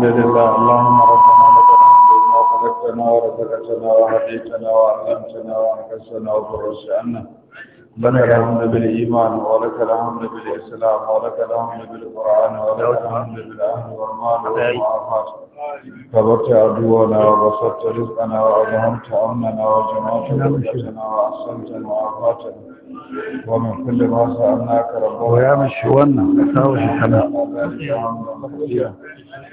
الحمد لله اللهم ربنا لك الحمد لله خلقتنا ورزقتنا وهديتنا وعلمتنا وانكسنا وفرجت عنا الحمد بالايمان ولك الحمد بالاسلام ولك الحمد بالقران ولك الحمد بالاهل والمال والمعافاه كبرت عدونا وبسطت رزقنا وعظمت امنا وجمعت بركتنا واحسنت معافاتنا ومن كل ما سألناك ربنا ويا مش ونا ساوش الكلام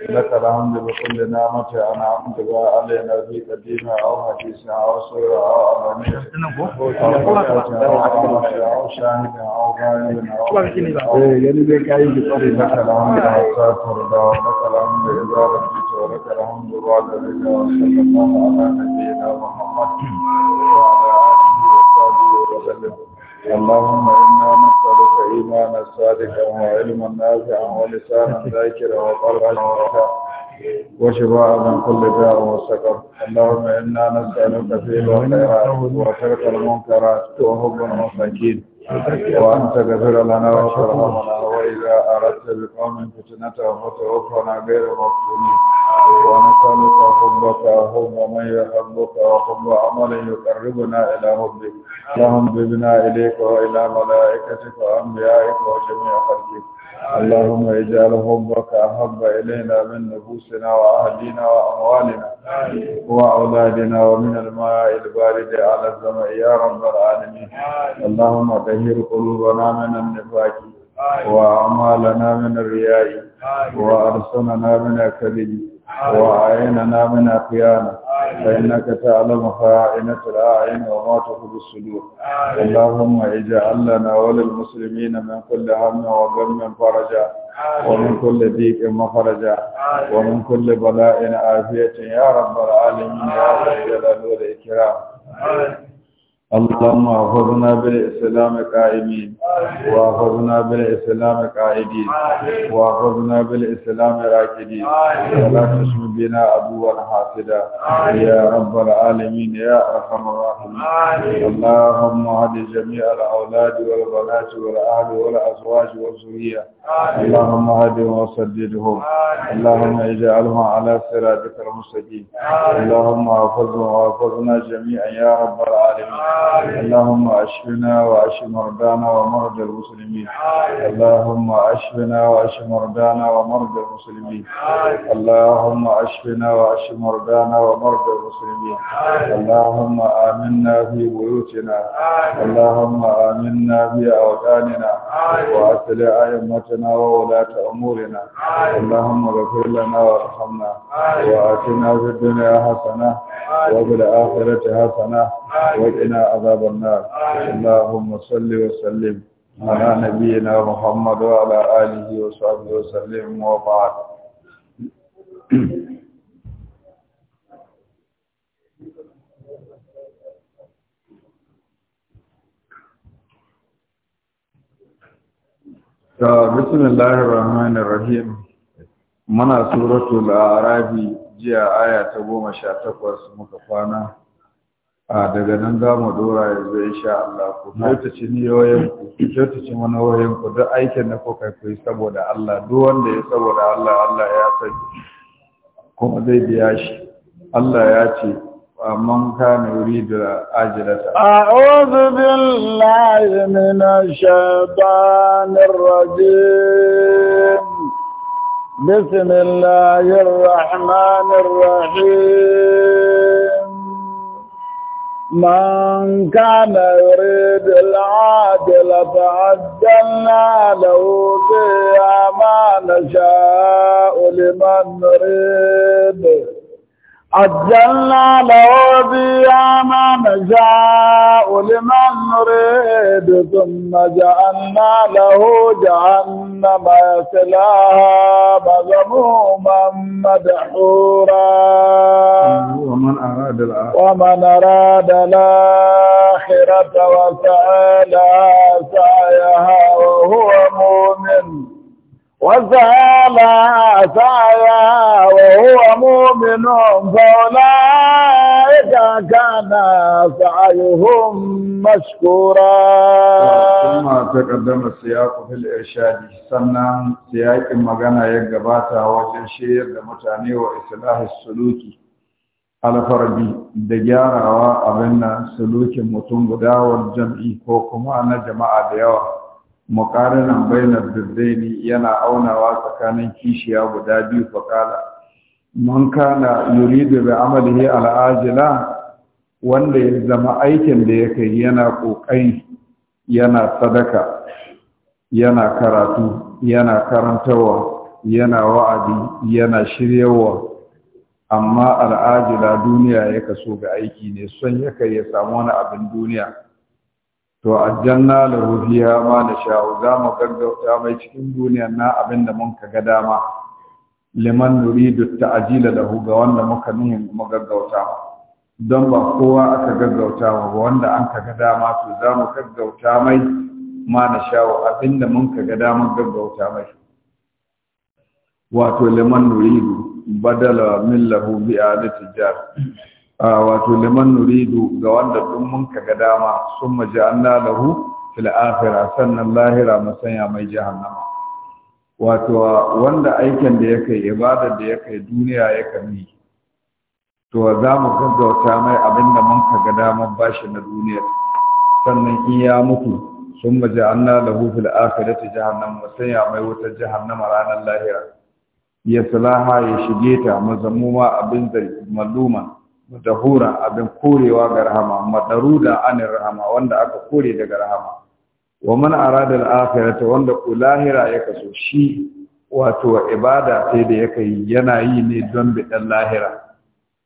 لك الحمد بكل نعمة أنعمت بها علينا نبي قديمة أو حديثة أو سورة أو أمانية أو بركة أو عمشة أو شاهد أو غائب أو يعني بك أي بطري لك الحمد حتى ترضى لك الحمد إذا رضيت ولك الحمد بعد ذلك وصلى الله على نبينا محمد وعلى آله وصحبه وسلم اللهم إنا نسألك إيمانا صادقا وعلما نافعا ولسانا ذاكرا وقلبا مرتاحا وشفاء من كل داء وسقم اللهم انا نسالك فعل الخيرات وترك المنكرات وحب المساكين وان تغفر لنا وترحمنا وإذا أردت بقوم فتنتهم وتوفنا غير مفتونين ونسألك حبك وحب من يحبك وحب عمل يقربنا إلى حبك اللهم بنا إليك وإلى ملائكتك وأنبيائك وجميع خلقك اللهم اجعل حبك أحب إلينا من نفوسنا وأهلنا وأموالنا وأولادنا ومن الماء البارد على الزمع يا رب العالمين اللهم طهر قلوبنا من النفاق وأعمالنا من الرياء وأرسلنا من الكذب وأعيننا من الخيانة فإنك تعلم خائنة الأعين وما تخفي الصدور اللهم اجعل لنا وللمسلمين من كل هم وغم فرجا ومن كل ضيق مخرجا ومن كل بلاء عافية يا رب العالمين يا ذا الجلال والإكرام اللهم احفظنا بالاسلام قائمين واحفظنا بالاسلام قائدين واحفظنا بالاسلام راكدين ولا تشم بنا عدوا حاسدا يا رب العالمين يا ارحم الراحمين اللهم اهد جميع الاولاد والبنات والاهل والازواج والذريه اللهم اهدهم وسددهم اللهم اجعلهم على صراطك المستقيم اللهم احفظهم واحفظنا جميعا يا رب العالمين اللهم اشفنا واشف مرضانا ومرضى المسلمين اللهم اشفنا واشف مرضانا ومرضى المسلمين اللهم اشفنا واشف مرضانا ومرضى المسلمين اللهم امنا في بيوتنا اللهم امنا في اوطاننا واصلح ائمتنا وولاة امورنا اللهم اغفر لنا وارحمنا واتنا في الدنيا حسنه وفي الاخره حسنه Ka waki na azabar nan, Alhamdulillah, masallin wasallin. A nan, biye na, Muhammadu al'adari, wasu abubuwa, sallin wani ma'aikatu. Da! Bisi min Muna surutu da jiya aya ta goma sha takwas muka kwana. a daga nan za mu dora yanzu insha Allah ku kyautace niyoyin ku wani manoyin ku duk aikin da kuka kai saboda Allah duk wanda ya saboda Allah Allah ya san kuma zai biya shi Allah ya ce man kana yuridu ajrata a'udhu billahi minash shaitanir rajim بسم الله الرحمن الرحيم من كان يريد العادل فعدلنا له فيها ما نشاء لمن نريد عجلنا له فيها ما نشاء لمن نريد ثم جعلنا له جهنم يصلاها مذموما مدحورا ومن أراد الآخرة ومن أراد الآخرة وسعى لها سعيها وهو مؤمن وسال عسايا وهو مؤمن فأولئك كان سعيهم مشكورا ثم تقدم السياق في الإرشاد سنا سياق مغانا يقباتا وجنشير لمتاني وإصلاح السلوك على فرج دجارة وابن سلوك متنبدا والجمعي كوكما نجمع ديوه muqaranan bainar dirdaini yana aunawa tsakanin kishiya guda biyu faqala man kana yuridu bi amalihi al'ajila wanda ya zama aikin da yake yana ƙoƙari yana sadaka yana karatu yana karantarwa yana wa'adi yana shiryawa amma al'ajila duniya ya kaso ga aiki ne son yaka ya samu wani abin duniya to aljanna la rufiya ma na sha'u za mu gaggauta mai cikin duniyar na abin da mun ga dama liman nuridu ta'jila lahu ga wanda muka nuhin mu gaggauta don ba kowa aka gaggauta ba wanda an ka ga dama to za mu gaggauta mai ma na sha'u abin da mun ka ga dama gaggauta mai wato liman nuridu badala min lahu bi'adati jar Ah, wato liman nuridu ga wanda duk mun kaga dama sun maji anna lahu fil akhirah sannan lahira musanya mai jahannama wato wanda aikin da yake ibadar da yake duniya yake ni? to za mu gaggauta mai abin da mun ga dama bashi na duniya sannan in ya mutu sun maji anna lahu fil akhirati jahannam musanya mai wutar jahannama ranar lahira ya salaha ya shige ta mazamuma abin da maluma mutahura abin korewa ga rahama madaruda anir rahama wanda aka kore daga rahama wa man arada al-akhirata wanda ko lahira ya kaso shi wato ibada sai da yake yi yana yi ne don bidan lahira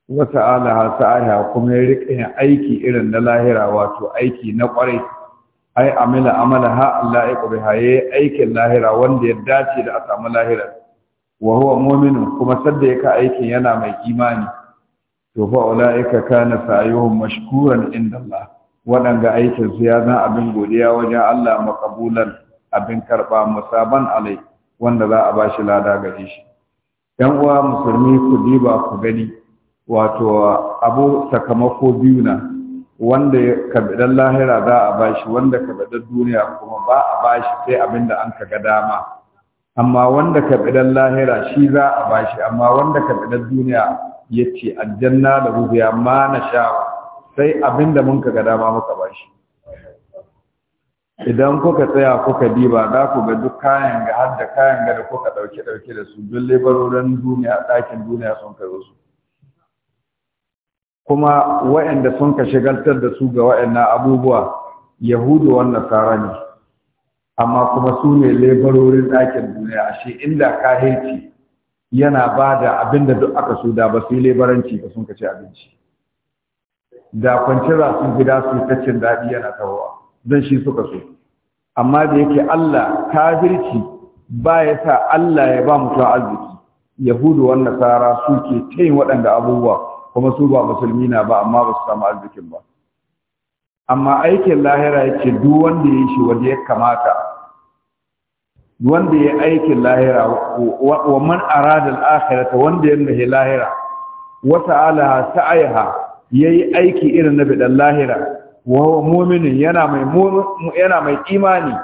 wa ta'ala sa'a kuma ya rika yin aiki irin na lahira wato aiki na kwarai ai amila amala ha Allah ya kubi haye aikin lahira wanda ya dace da a samu lahira wa huwa mu'minu kuma sadda yake aikin yana mai imani to fa ulaika kana sa'yuhum mashkuran inda Allah wadanga aikin su ya zan abin godiya wajen Allah makabulan abin karba musaban alai wanda za a bashi lada gare shi yan uwa musulmi ku diba ku gani wato abu sakamako biyu na wanda ka bidan lahira za a bashi wanda ka bidan duniya kuma ba a bashi sai abin da an ka ga dama amma wanda ka bidan lahira shi za a bashi amma wanda ka bidan duniya yace aljanna da ruhiya ma na sha'awa, sai abinda mun ka ga dama muka bashi idan kuka tsaya kuka diba za ku ga duk kayan ga har da kayan ga da kuka dauke dauke da su duk lebarorin duniya ɗakin duniya sun kai su kuma waɗanda sun ka shigaltar da su ga waɗannan abubuwa yahudu wan nasara ne amma kuma su ne lebarorin ɗakin duniya ashe inda ka hece. yana ba da abin da duk aka so da ba su yi lebaranci ba sun kace abinci da kwanci za su gida su ta cin daɗi yana tawowa don shi suka so amma da yake Allah kafirci ba ya sa Allah ya ba mutum arziki yahudu wa nasara su ke tayin waɗanda abubuwa kuma su ba musulmi na ba amma ba su samu arzikin ba amma aikin lahira yake duk wanda ya yi shi wanda ya kamata wanda ya aikin lahira wa man arada al-akhirata wanda ya nahi lahira wa ta'ala sa'ayha yayi aiki irin na bidan lahira wa huwa yana mai yana mai imani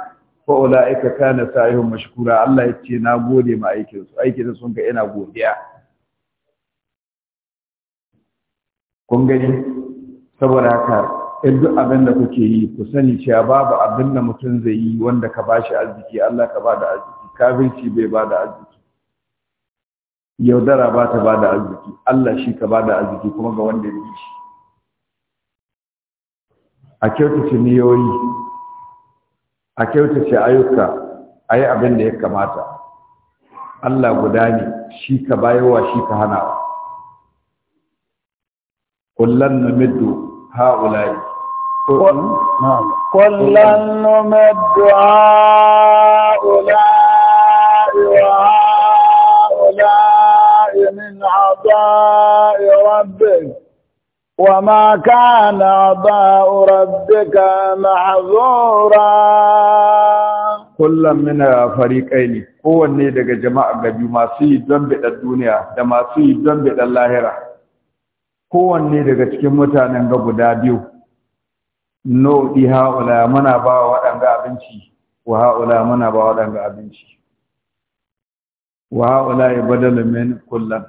fa ulaika kana sa'ihum mashkura Allah yace na gode ma aikin su aikin sun ga ina godiya kun saboda haka in duk abin da kuke yi ku sani cewa babu abin da mutum zai yi wanda ka bashi arziki Allah ka bada arziki kafirci bai bada arziki yaudara ba ta bada arziki Allah shi ka bada arziki kuma ga wanda ya yi shi a kyautace niyoyi a kyautace ayyuka a yi abin da ya kamata Allah guda ne shi ka bayowa shi ka hana. kullan namiddu ha'ula'i كلا نمد هؤلاء وهؤلاء من عطاء ربك وما كان عطاء ربك محظورا kullum fariƙai ne. kowanne daga jama'a ga masu yi don biɗar duniya da masu yi don biɗar lahira kowanne daga cikin mutanen ga guda biyu no di haula muna ba waɗanga abinci wa haula muna ba waɗanga abinci wa haula ya badala min kullan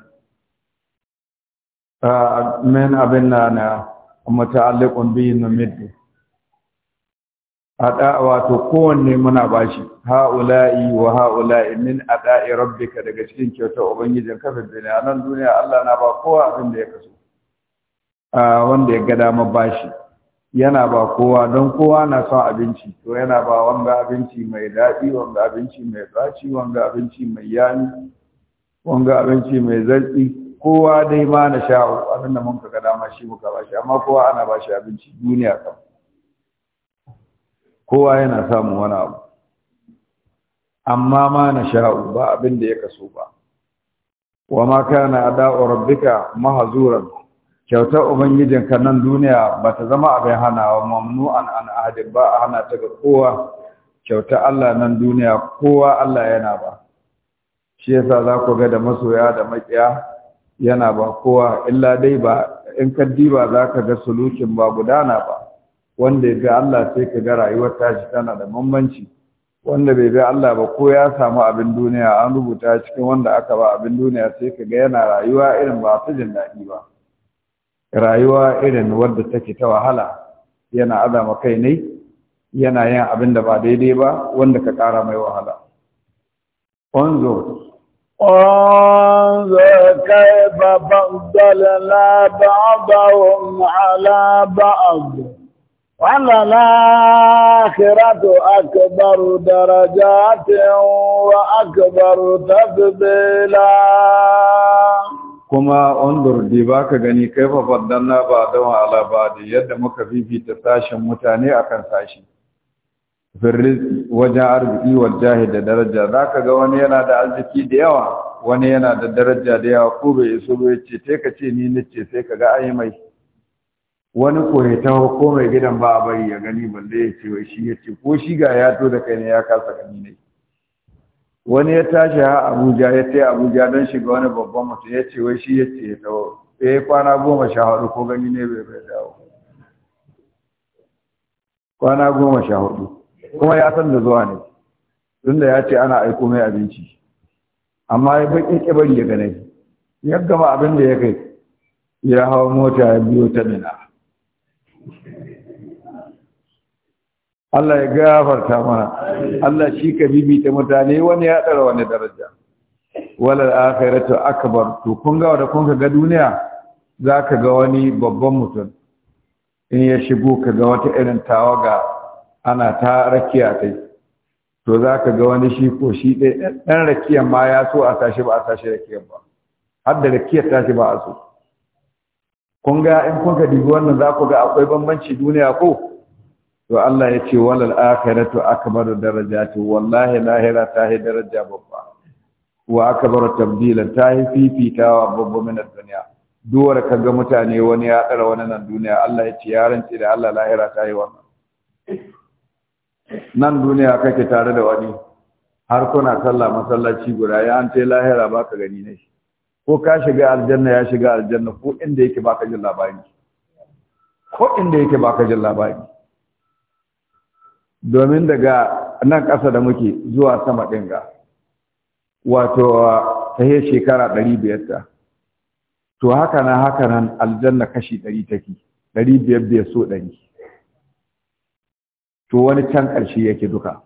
ah, min abin na na muta'alliqun bi numiddu ada wato kowanne muna bashi haula'i wa haula'i min ada'i rabbika daga cikin kyautar ubangijin kafin duniya nan duniya Allah na ba kowa abin da ya kaso ah, wanda ya ga dama bashi yana ba kowa don kowa na son abinci to yana ba wanga abinci mai daɗi wanga abinci mai tsaci wanga abinci mai yami wanga abinci mai zartsi kowa dai ma na sha'o abin da mun ka dama shi muka ba shi amma kowa ana ba shi abinci duniya kam kowa yana samun wani abu amma ma na sha'u ba abin da ya kaso ba wa ma kana ada'u rabbika mahzuran kyautar ubangijin ka nan duniya ba ta zama abin hanawa mamnu'an an ahadin ba a hana ta ga kowa kyauta Allah nan duniya kowa Allah yana ba shi yasa za ku ga da masoya da makiya yana ba kowa illa dai ba in ka diba za ka ga sulukin ba gudana ba wanda ya ga Allah sai ka ga rayuwar tashi tana da bambanci wanda bai bi Allah ba ko ya samu abin duniya an rubuta cikin wanda aka ba abin duniya sai ka ga yana rayuwa irin ba ta jin daɗi ba rayuwa irin wanda take ta wahala yana azama kai ne yana yin abin da ba daidai ba wanda ka kara mai wahala onzo onzo kai ba kaifa ba ba ala ba ba'd وللآخرة أكبر درجات وأكبر تفضيلا kuma undur di baka gani kaifa na ba da ala ba da yadda muka fifita sashen mutane akan sashi firriz wajen arziki wa jahil da daraja zaka ga wani yana da arziki da yawa wani yana da daraja da yawa ko bai iso ba ce sai ka ce ni ce sai ka ga ai mai wani ya ko mai gidan ba a bari ya gani balle ya ce wai shi ya ce ko shi ga ya to da kai ne ya kasa gani ne wani ya tashi ha abuja ya ta abuja don shiga wani babban mutum ya ce wai shi ya ce ya tawo ya eh, yi kwana goma sha hudu ko gani ne bai bai dawo kwana goma sha hudu kuma ya san da zuwa ne tunda ya ce ana aiko mai abinci amma ya baƙi ƙibari ya gane ya gama abin da ya kai ya hawa mota ya biyo ta mina Allah ya gafarta mana Allah shi ka bibita mutane wani ya dara wani daraja walal akhiratu akbar to kun ga wanda kun ga duniya zaka ga wani babban mutum in ya shigo ka ga wata irin tawaga ana ta rakiya kai to zaka ga wani shi ko shi dai dan rakiyan ma ya so a tashi ba a tashi rakiyan ba har da rakiyar tashi ba a so kun ga in kun ka dibi wannan za ku ga akwai bambanci duniya ko to Allah ya ce walal akhiratu akbaru darajati wallahi lahira ta hi daraja babba wa akbaru tabdila ta hi fifitawa babba min duniya duwar ka ga mutane wani ya tsara wani nan duniya Allah ya ce yaran ce da Allah lahira ta yi wannan nan duniya kake tare da wani har kuna sallah masallaci guda ya an ce lahira baka gani ne ko ka shiga aljanna ya shiga aljanna ko inda yake baka jin labari ko inda yake baka jin labari domin daga nan ƙasa da muke zuwa sama ɗin ga wato yi shekara ɗari biyar ta to haka nan haka nan aljanna kashi ɗari take ɗari biyar biyar so ɗari to wani can ƙarshe yake duka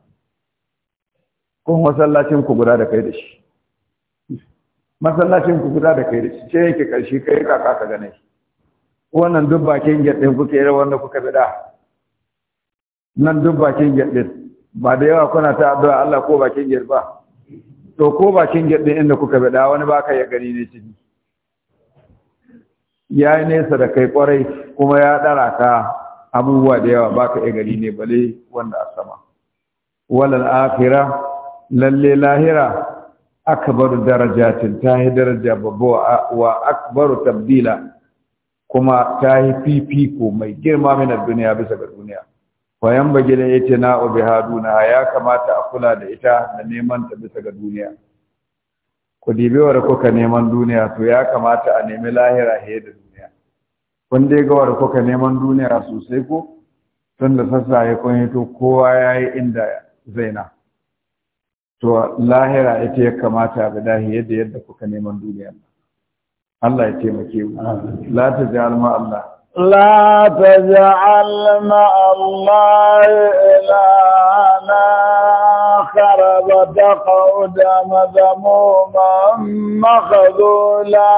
kun masallacin ku guda da kai da shi masallacin ku guda da kai da shi ce yake ƙarshe kai kaka ka gane wannan duk bakin gyaɗin kuke yi wanda kuka da nan duk bakin gyaɗin ba da yawa kuna ta addu'a Allah ko bakin gyaɗ ba to ko bakin gyaɗin inda kuka bada wani baka ya gari ne ciki ya yi nesa da kai kwarai kuma ya ɗara ka abubuwa da yawa baka ya gari ne bale wanda a sama walal akhira lalle lahira akbaru darajatin ta yi daraja babba wa akbaru tabdila kuma ta yi fifiko mai girma mina duniya bisa ga duniya fayan bagila ya ce na'o bi haduna ya kamata a kula da ita da neman ta bisa ga duniya ku dibewar kuka neman duniya to ya kamata a nemi lahira he da duniya kun dai gawar kuka neman duniya sosai ko tun da ya kun hito kowa ya yi inda zaina to lahira ita ya kamata a da, dahi yadda yadda kuka neman duniya Allah ya taimake mu la ta ji Allah لا تجعل ما الله إلهنا آخر وتقعد مذموما مخذولا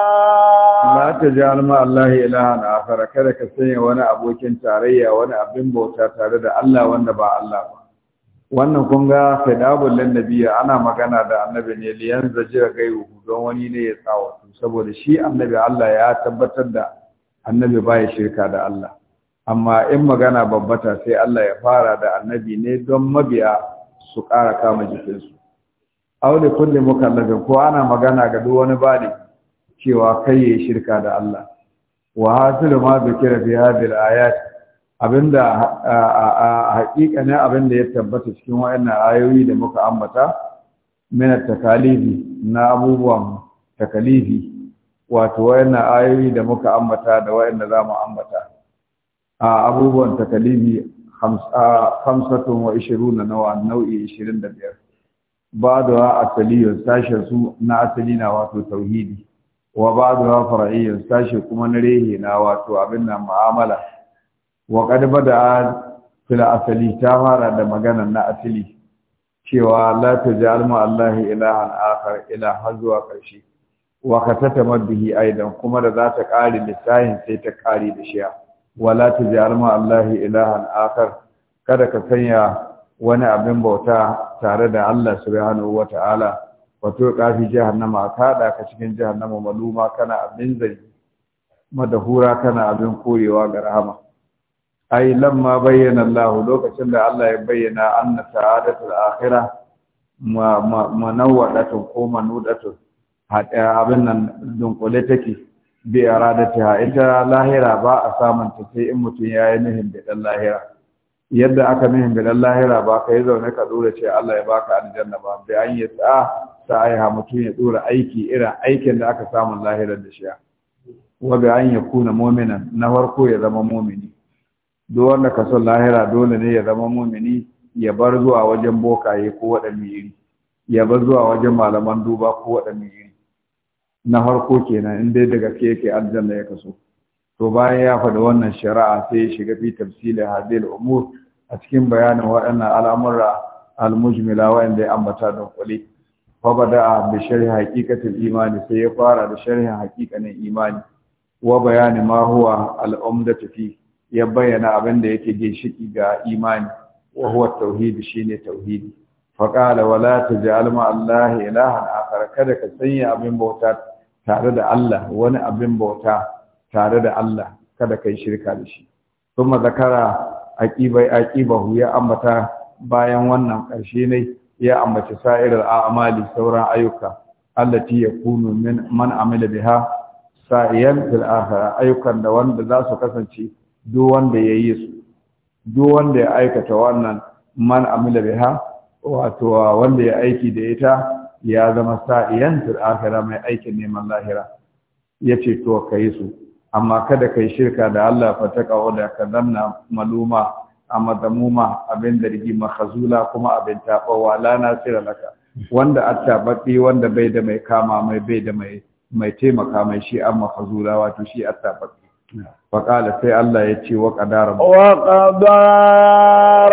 لا تجعل ما الله إلهنا آخر كذلك السنين وانا أبوكين عريا وانا أبن بوتا تاريا الله وانا با الله وانا كنغا خداب للنبي أنا ana magana النبي annabi ne liyan zajira gaiwu don wani ne ya tsawa saboda annabi ya shirka da Allah amma in magana babbata sai Allah ya fara da annabi ne don mabiya su ƙara kama jikinsu aure kulle mukallafin ko ana magana ga duk wani bani cewa kai ya shirka da Allah wa hasilu ma zikira fi hadhihi ayat abinda haƙiƙa ne abinda ya tabbata cikin wayannan ayoyi da muka ambata min takalifi na abubuwan takalifi wato wayannan ayoyi da muka ambata da wayanda za mu ambata a abubuwan takalimi hamsatun wa ishiruna nawa nau'i ishirin da biyar ba da wa asaliyun sashen su na asali na wato tauhidi wa ba da wa fara'iyyun sashe kuma na rehe na wato abin na ma'amala wa kadba da fila asali ta fara da magana na asali cewa la ji alma Allah ilahan akhar ila har zuwa ƙarshe wa katatama mabihi aidan kuma da za ta kare lissahin sai ta kare da shiya wala ji ma allahi ilahan akar kada ka sanya wani abin bauta tare da Allah subhanahu wata'ala wato kafi jahannama ka da ka cikin jahannama maluma kana abin zai madahura kana abin korewa ga rahama ai lamma bayyana Allah lokacin da Allah ya bayyana anna sa'adatul akhirah ma manawadatu ko manudatun abin nan dunkule take bi ta ita lahira ba a samun ta sai in mutum yi nihin da dan lahira yadda aka nihin da dan lahira ba kai zaune ka dora ce Allah ya baka aljanna ba bai an yi sa'a ha mutum ya dora aiki irin aikin da aka samu lahirar da shi wa bai an yakuna mu'minan na farko ya zama mu'mini duk wanda ka son lahira dole ne ya zama mu'mini ya bar zuwa wajen bokaye ko waɗanne iri ya bar zuwa wajen malaman duba ko waɗanne iri na harko kenan in dai daga ke yake aljanna ya kaso to bayan ya faɗi wannan shari'a sai ya shiga fi tafsili hadil umur a cikin bayanin waɗannan al'amura al-mujmila wanda ya ambata don kuli fa bada bi sharhi haqiqatul imani sai ya fara da sharhin haqiqanin imani wa bayani ma huwa al fi ya bayyana abin da yake ginshiki ga imani wa huwa tauhidi shine tauhidi fa qala wala taj'al ma allahi ilahan akhar kada ka sanya abin bauta tare da Allah wani abin bauta tare da Allah kada kai shirka da shi Suma zakara aqibai aqibahu ya ambata bayan wannan karshe ne ya ambaci sa'irar a'mali sauran ayyuka allati yakunu min man amila biha sa'iyan fil akhirah ayyukan da wanda za su kasance duk wanda yayi su duk wanda ya aikata wannan man amila biha wato wanda ya aiki da ita ya zama sa'iyan fil mai aikin neman lahira ya ce to ka yi su amma kada ka yi shirka da Allah fa kawo da kadanna maluma a damuma abin dargi makazula kuma abin tafawa lana tsira laka wanda attabati wanda bai da mai kama mai bai da mai taimaka mai shi an makazula wato shi attabati وقال سي الله يتي وقضى ربك وقضى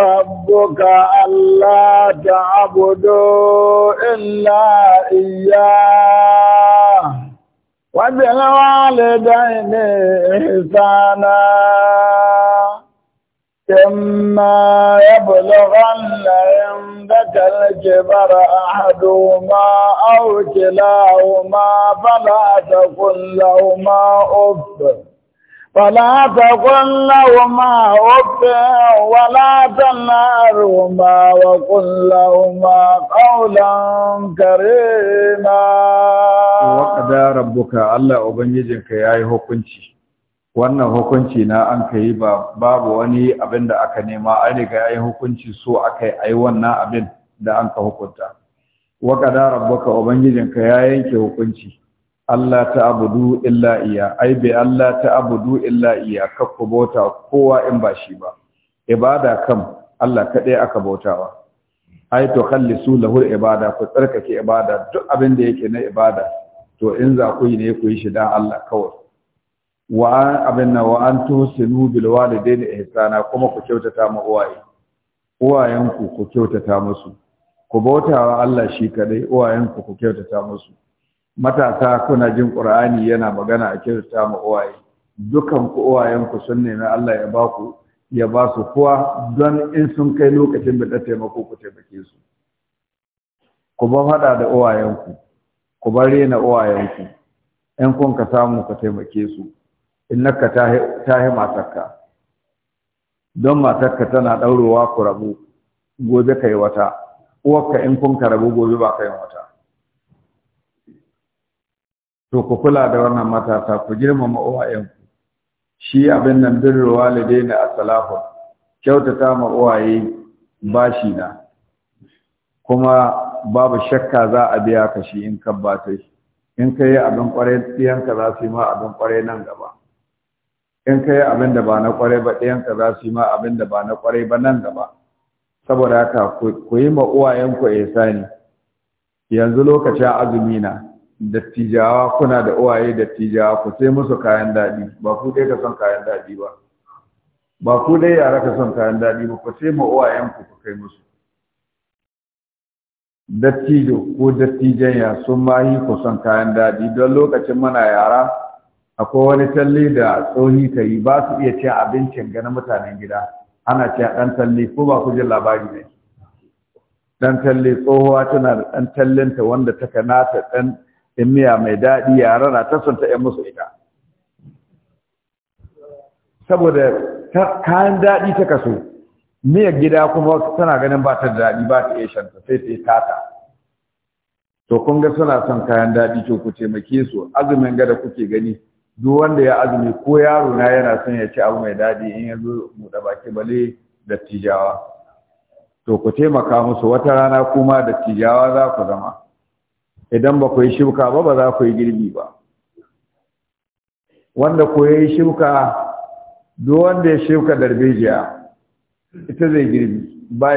ربك الا تعبدوا الا اياه وبالوالدين احسانا اما يبلغن عندك الجبر احدهما او كلاهما فلا تقل لهما افضل فلا تقل لهما أف ولا تنهرهما Allah ka ubangijinka yayi hukunci wannan hukunci na an ka yi ba babu wani abin da aka nema an ya yi hukunci so a yi wannan abin da an ka hukunta waqada rabbuka ka ya yanke hukunci Allah ta abudu illa iya ai bai Allah ta abudu illa iya kakku bauta kowa in ba shi ba ibada kam Allah kaɗai aka bautawa ai to khallisu lahu ibada ku tsarkake ibada duk abin da yake na ibada to in za ku yi ne ku yi shi don Allah kawai wa abin na wa an tusinu bil walidaini ihsana kuma ku kyautata ma uwaye uwayenku ku kyautata musu ku bautawa Allah shi kaɗai uwayenku ku kyautata musu matasa kuna jin ƙur'ani yana magana a kirista ma uwaye dukan ku uwayen ku sun nemi Allah ya ba ku ya ba su kuwa don in sun kai lokacin da taimako ku taimake su ku ba hada da uwayen ku ku bar rena uwayen ku in kun ka samu ka taimake su in ta tahi matarka don matarka tana ɗaurowa ku rabu gobe kai wata uwarka in kun ka rabu gobe ba kai wata to ku kula da wannan matasa ku girmama uwayenku shi abin nan birru walidai na asalahu kyautata ma uwaye bashi na kuma babu shakka za a biya ka shi in ka bata shi in ka yi abin kwarai ɗiyanka za su yi ma abin kwarai nan gaba in ka yi abin da ba na kwarai ba ɗiyanka za su yi ma abin da ba na kwarai ba nan gaba saboda haka ku yi ma uwayenku ihsani yanzu lokacin azumi na dattijawa kuna da uwaye dattijawa ku sai musu kayan daɗi ba ku dai ka son kayan daɗi ba ba ku dai yara ka son kayan daɗi ba ku sai ma uwayenku ku kai musu dattijo ko dattijan ya sun mahi ku son kayan daɗi don lokacin mana yara akwai wani talle da tsohi ta yi ba su iya cin abincin gani mutanen gida ana cin ɗan talle ko ba ku jin labari ne ɗan talle tsohuwa tana da ɗan tallenta wanda ta kanata ɗan in miya mai daɗi yara na tasanta ‘yan musu ita saboda kayan daɗi ta kaso miyar gida kuma tana ganin ba ta daɗi ba ta iya ta sai ta yi tata to kun ga suna son kayan daɗi to ku taimake su azumin gada kuke gani duk wanda ya azumi ko yaro na yana son ya ci abu mai daɗi in ya zo da baki bale tijawa. to ku taimaka musu wata rana kuma dattijawa za ku zama idan ba ku yi shuka ba ba za ku yi girbi ba wanda ku yi shuka duk wanda ya shuka darbejiya ita zai girbi ba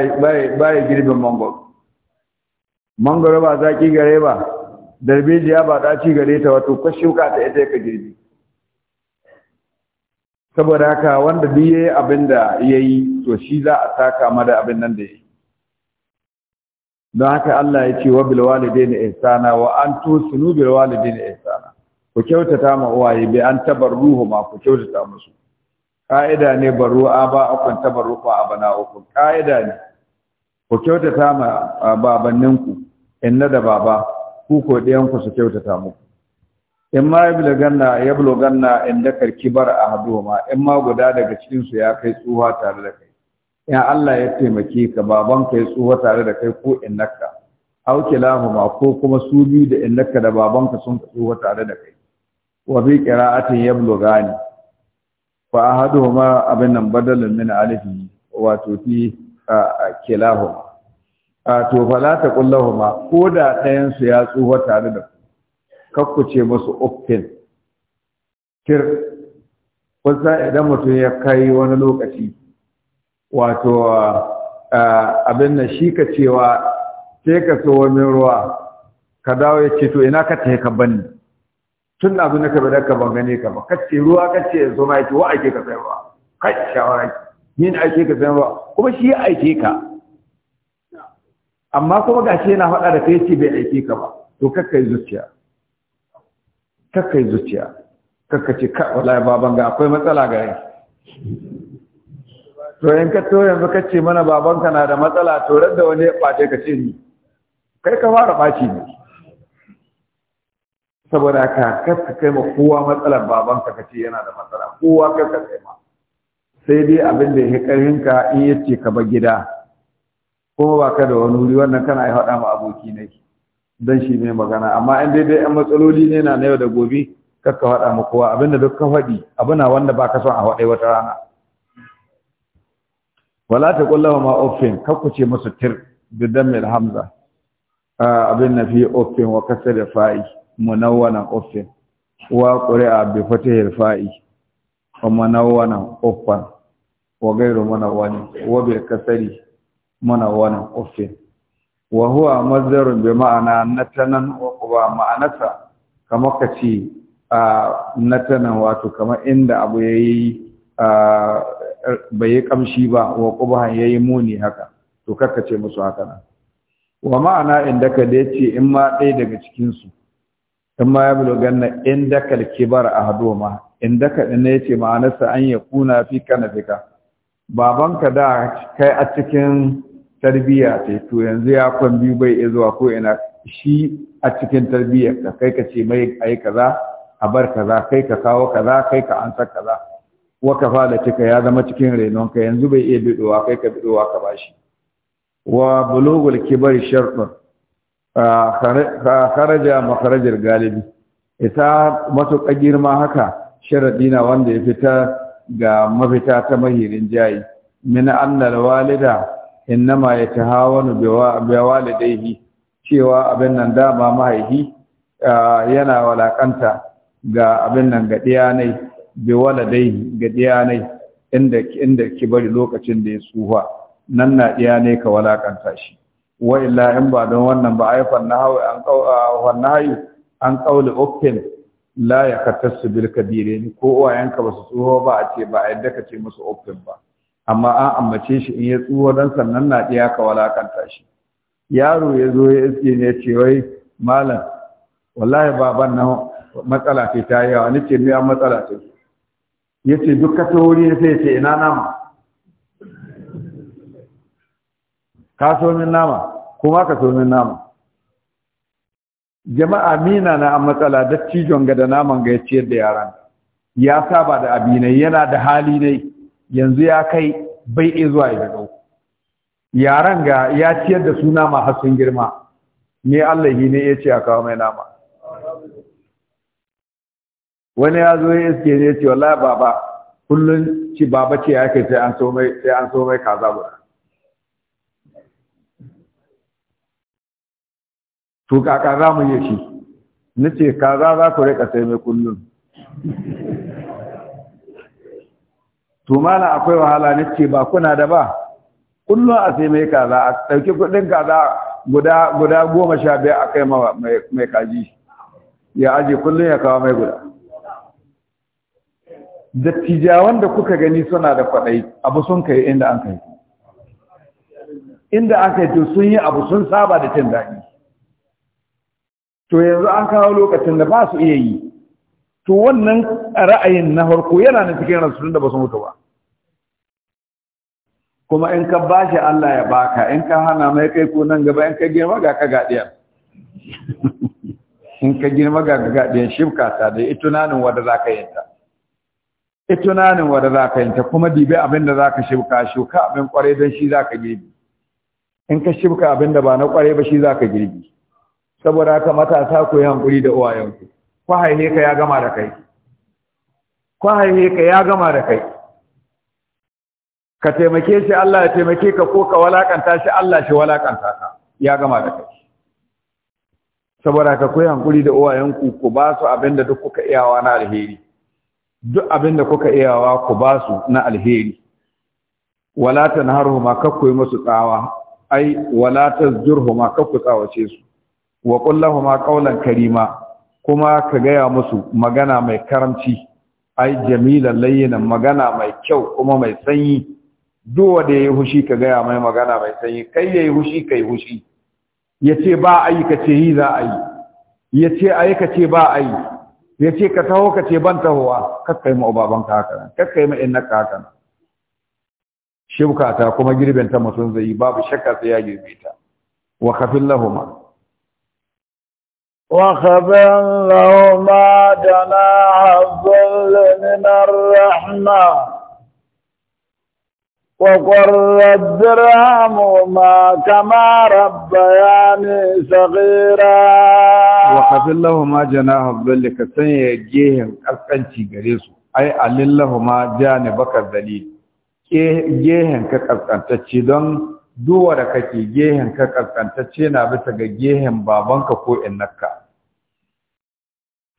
ya girbin mangoro mangoro ba zaƙi gare ba darbejiya ba ci gare ta wato ko shuka ta ita ka girbi saboda haka wanda duk yayi abin da yayi to shi za a saka mada abin nan da yi. don haka Allah ya ce wa bil walidaini ihsana wa an tusinu bil walidaini ihsana ku kyautata ma uwaye bi an tabarruhu ma ku kyautata musu ka'ida ne baru aba akun a bana uku ka'ida ne ku kyautata ma babanninku inna da baba ku ko ɗayan ku su kyautata muku in ma ganna yabluganna ganna inda karkibar ahaduhuma in ma guda daga cikin su ya kai tsuha tare da kai in Allah ya taimake ka babanka ya tsuwa tare da kai ko innaka aw kilahuma ko kuma su biyu da innaka da babanka sun tsuwa tare da kai wa bi qira'atin yablughani fa ahaduhuma nan badalan min alifi wato fi kilahuma to fa la ta kullahuma ko da ɗayan su ya tsuwa tare da ku kakkuce musu uffin kir kusa idan mutum ya kai wani lokaci wato abin nan shi ka cewa sai ka so min ruwa ka dawo ya ce to ina ka yi ka banni tun da abin da ka bada ka ban gane ka ba ce ruwa ce yanzu ma yake wa ake ka sayarwa ruwa kai shawara ni ne ake ka sayarwa kuma shi ya aike ka amma kuma gashi yana faɗa da kai ce bai aike ka ba to kakkai zuciya kakkai zuciya kakkace ka wallahi baban ga akwai matsala gare to in ka to yanzu ka ce mana babanka na da matsala to da wani ya ɓace ka ce ni kai ka fara ɓaci ne saboda ka kar ka kai ma kowa matsalar babanka ka ce yana da matsala kowa kar ka kai ma sai dai abin da ya ka in ya ce ka ba gida kuma ba ka da wani wuri wannan kana ya haɗa ma aboki ne don shi ne magana amma in daidai yan matsaloli ne na na yau da gobe kaka faɗa ma kowa abin da duk ka faɗi abu na wanda ba ka son a faɗi wata rana wala ta kullama ma uffin kakkuce musu tir da damil hamza abin na fi uffin wa kasar fa'i munawwana uffin wa a bi fatihil fa'i wa munawwana uffan wa ghayru munawwani wa bi kasari munawwana uffin wa huwa mazdarun bi ma'ana natanan wa quba ma'anasa kamar kace natanan wato kamar inda abu yayi bai yi kamshi ba wa ya yi muni haka to ce musu haka nan wa ma'ana daka da yace in ma ɗaya daga cikinsu in ma ya bulganna ma. In kibar ahaduma na ya yace ma'anarsa an kuna fi kanafika babanka da kai a cikin tarbiyya ce to yanzu ya kwan biyu bai iya zuwa ko ina shi a cikin tarbiyyar ka kai ka ce mai ayi kaza a bar kaza kai ka kawo kaza kai ka ansa kaza Waka da kika ya zama cikin renonka yanzu bai iya bidowa kai ka bidowa ka bashi wa bulugul kibari shartun kharaja makharajal galibi ita matuƙa girma haka sharadi na wanda ya fita ga mafita ta mahirin jayi min annal walida innama yatahawanu bi walidayhi cewa abin nan dama mahaifi yana walakanta ga abin nan ga ne bi dai ga diyanai inda inda ki bari lokacin da ya tsufa nan na diyanai ka walakanta shi wa illa in ba don wannan ba aifan hawo an wannan an kauli ukkin la ya katassu bil kabire ko ba su tsuho ba a ce ba a yadda ka ce musu ukkin ba amma an ambace shi in ya tsuho dan sannan na diya ka walakanta shi yaro ya zo ya iske ne ce wai malam wallahi baban nan matsala ce ta yawa ni ce ni an matsala ce ya ce duk ka wuri sai ya ce ina nama ka so min nama kuma ka so min nama jama'a mina na an matsala da cijon ga da naman ga ya ciyar da yaran ya saba da abinai yana da hali ne yanzu ya kai bai iya zuwa ya gagau yaran ga ya ciyar da su nama har girma ne Allahi ne ya ce a kawo mai nama wani ya zo ya ce ne ce wallahi baba kullun ci baba ce ya kai sai an so mai sai an so mai kaza guda to ka za mu yi shi nace kaza za ku rika sai mai kullun to mala akwai wahala nace ba kuna da ba kullun a sai mai kaza a dauki kudin kaza guda guda goma sha biyar a kai mai kaji ya aje kullun ya kawo mai guda dattijawan da kuka gani suna da faɗai, abu sun kai inda an kai inda aka yi to sun yi abu sun saba da cin daɗi to yanzu an kawo lokacin da ba su iya yi to wannan ra'ayin na harko yana na cikin rasulun da ba su mutu ba kuma in ka ba shi Allah ya baka in ka hana mai kai ko nan gaba in ka girma ga ka gaɗiya in ka girma ga ka gaɗiya shifka ta da itunanin wadda za ka yanta Ita tunanin wanda za ka yanta kuma dibe abin da za ka shibka shuka abin kwarai don shi za ka girbi. In ka shibka abin da ba na kwarai ba shi za ka girbi. Saboda haka matasa ku yi hankuri da uwayenku. Kwahaihe ka ya gama da kai. ka ya gama da kai. Ka taimake shi Allah ya taimake ka ko ka walakanta shi Allah shi walakanta ka. Ya gama da kai. Saboda haka ku yi hankuri da uwayenku ku ba su abin da duk kuka iyawa na alheri. duk abin da kuka iyawa ku ba su na alheri wala tanharhuma kakku musu tsawa ai wala ka kakku tsawace su wa qul lahumu karima kuma ka gaya musu magana mai karamci ai Jamila layyinan magana mai kyau kuma mai sanyi da ya yayi hushi ka gaya mai magana mai sanyi kai yayi hushi kai hushi yace ba ka kace yi za a yi yace ayi kace ba ayi ya ce ka taho ka ce ban tahowa kakka yi ma'ubabanka haka nan kakka yi ma'innaka haka nan shibka kuma girbin ta mutum zai yi babu shakka sai ya girbe ta wa kafin lahuma wa kafin lahuma da na hazulli minar rahma وقل رب ارحمهما كما ربياني صغيرا وقفل لهما جناح الذل كسن يجيهم قسقنتي غريسو ai alin lahuma janibaka zali gehen ka kaskantacce don duwa da kake gehen ka kaskantacce na bisa ga gehen babanka ko innaka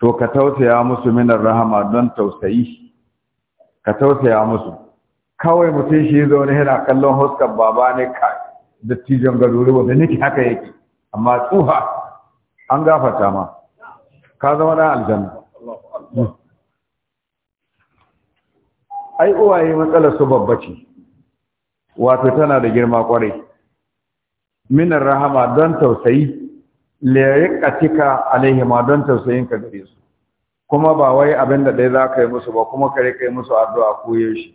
to ka tausaya musu minar rahama don tausayi ka tausaya musu kawai mutum shi zaune yana kallon huskar baba ne ka tijon garuru wanda nake haka yake amma tsuha an gafata ma ka zama ɗan aljanna ai uwaye matsalar su babba ce wato tana da girma kwarai minar rahama don tausayi alaihi ma don tausayin ka gare su kuma ba wai abin da ɗaya za ka yi musu ba kuma ka rika yi musu addu'a ko yaushe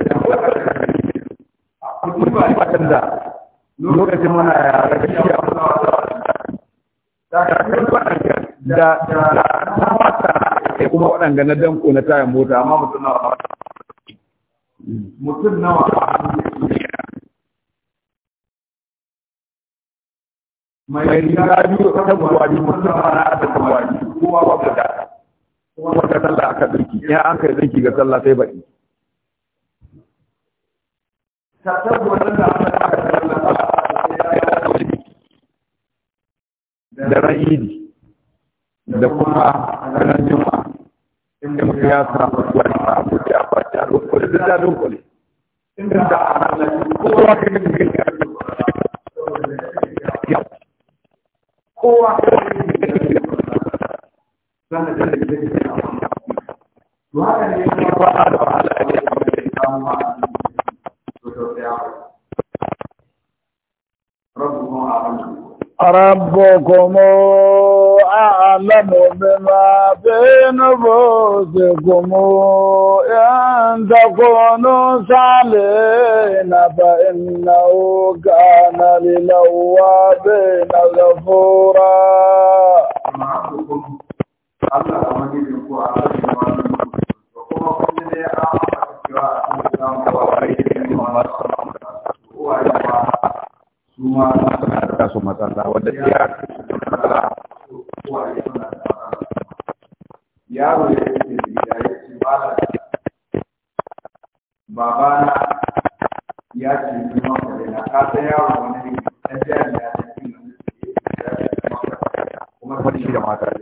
wanda lokacin muna yara gaskiya muna wata da da ta mata kai kuma waɗanga na danko na tayan mota amma mutum nawa mutum nawa mai riga biyu ta gwaji mutum na nawa ta gwaji kowa ba ka da kuma wata sallah aka dinki ya an kai dinki ga sallah sai baɗi ta tabbata da da idi da kuma ranar juma inda mu ya samu wani abu da ya faci a da duk da ne. inda da a kowa ka gani gani a kowa kai da kai da kai da kai da kai wani kai Ba kai da wahala ne a da samuwa ربكم أعلم بما بين فوسكم إن تكونوا صالحين فإنه كان للوابين غفورا Allah ya yi ta so matsala wanda ya su matsala yaro ya ce da ya ce ba ya ce ni ma ko da ka wani ne ta ya ce ni kuma shi da mata ne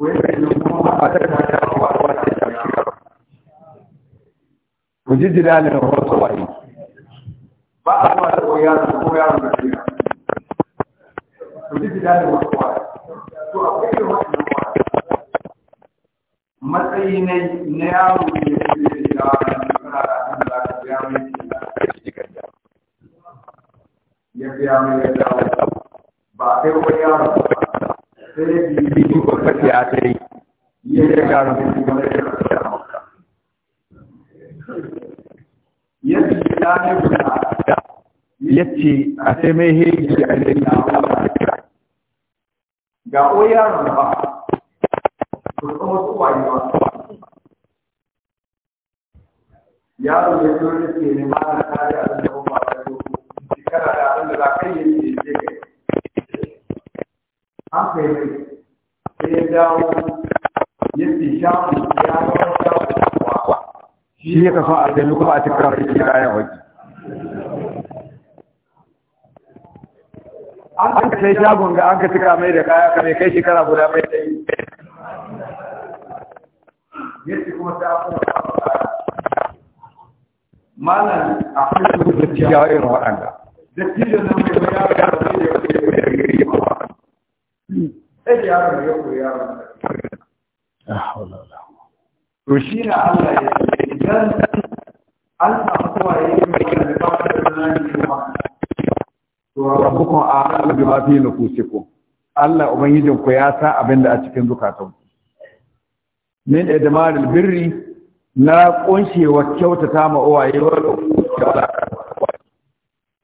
ko ya ce ba ta ba ta ku ji a sai mai heji a dai ga o yaron da ba ku san wasu waye ba yaro da yau da ke ne ma na kare abin da ba da shi shekara da abin da za ka yi ne ke kai an kai ne sai ya dawo ya fi shafi ya dawo shafi shi ya kafa a da lokacin a cikin kira waje ka sai shagon ga an ka cika mai da kaya ka mai kai shekara guda mai da yi kuma ta a hannun da ciyawa kuma rabbukum a'lamu bima fi nufusikum Allah ubangijin ku ya sa abin da a cikin zukatan ku min idmaril birri na kunshe kunshewa kyautata ma uwaye wala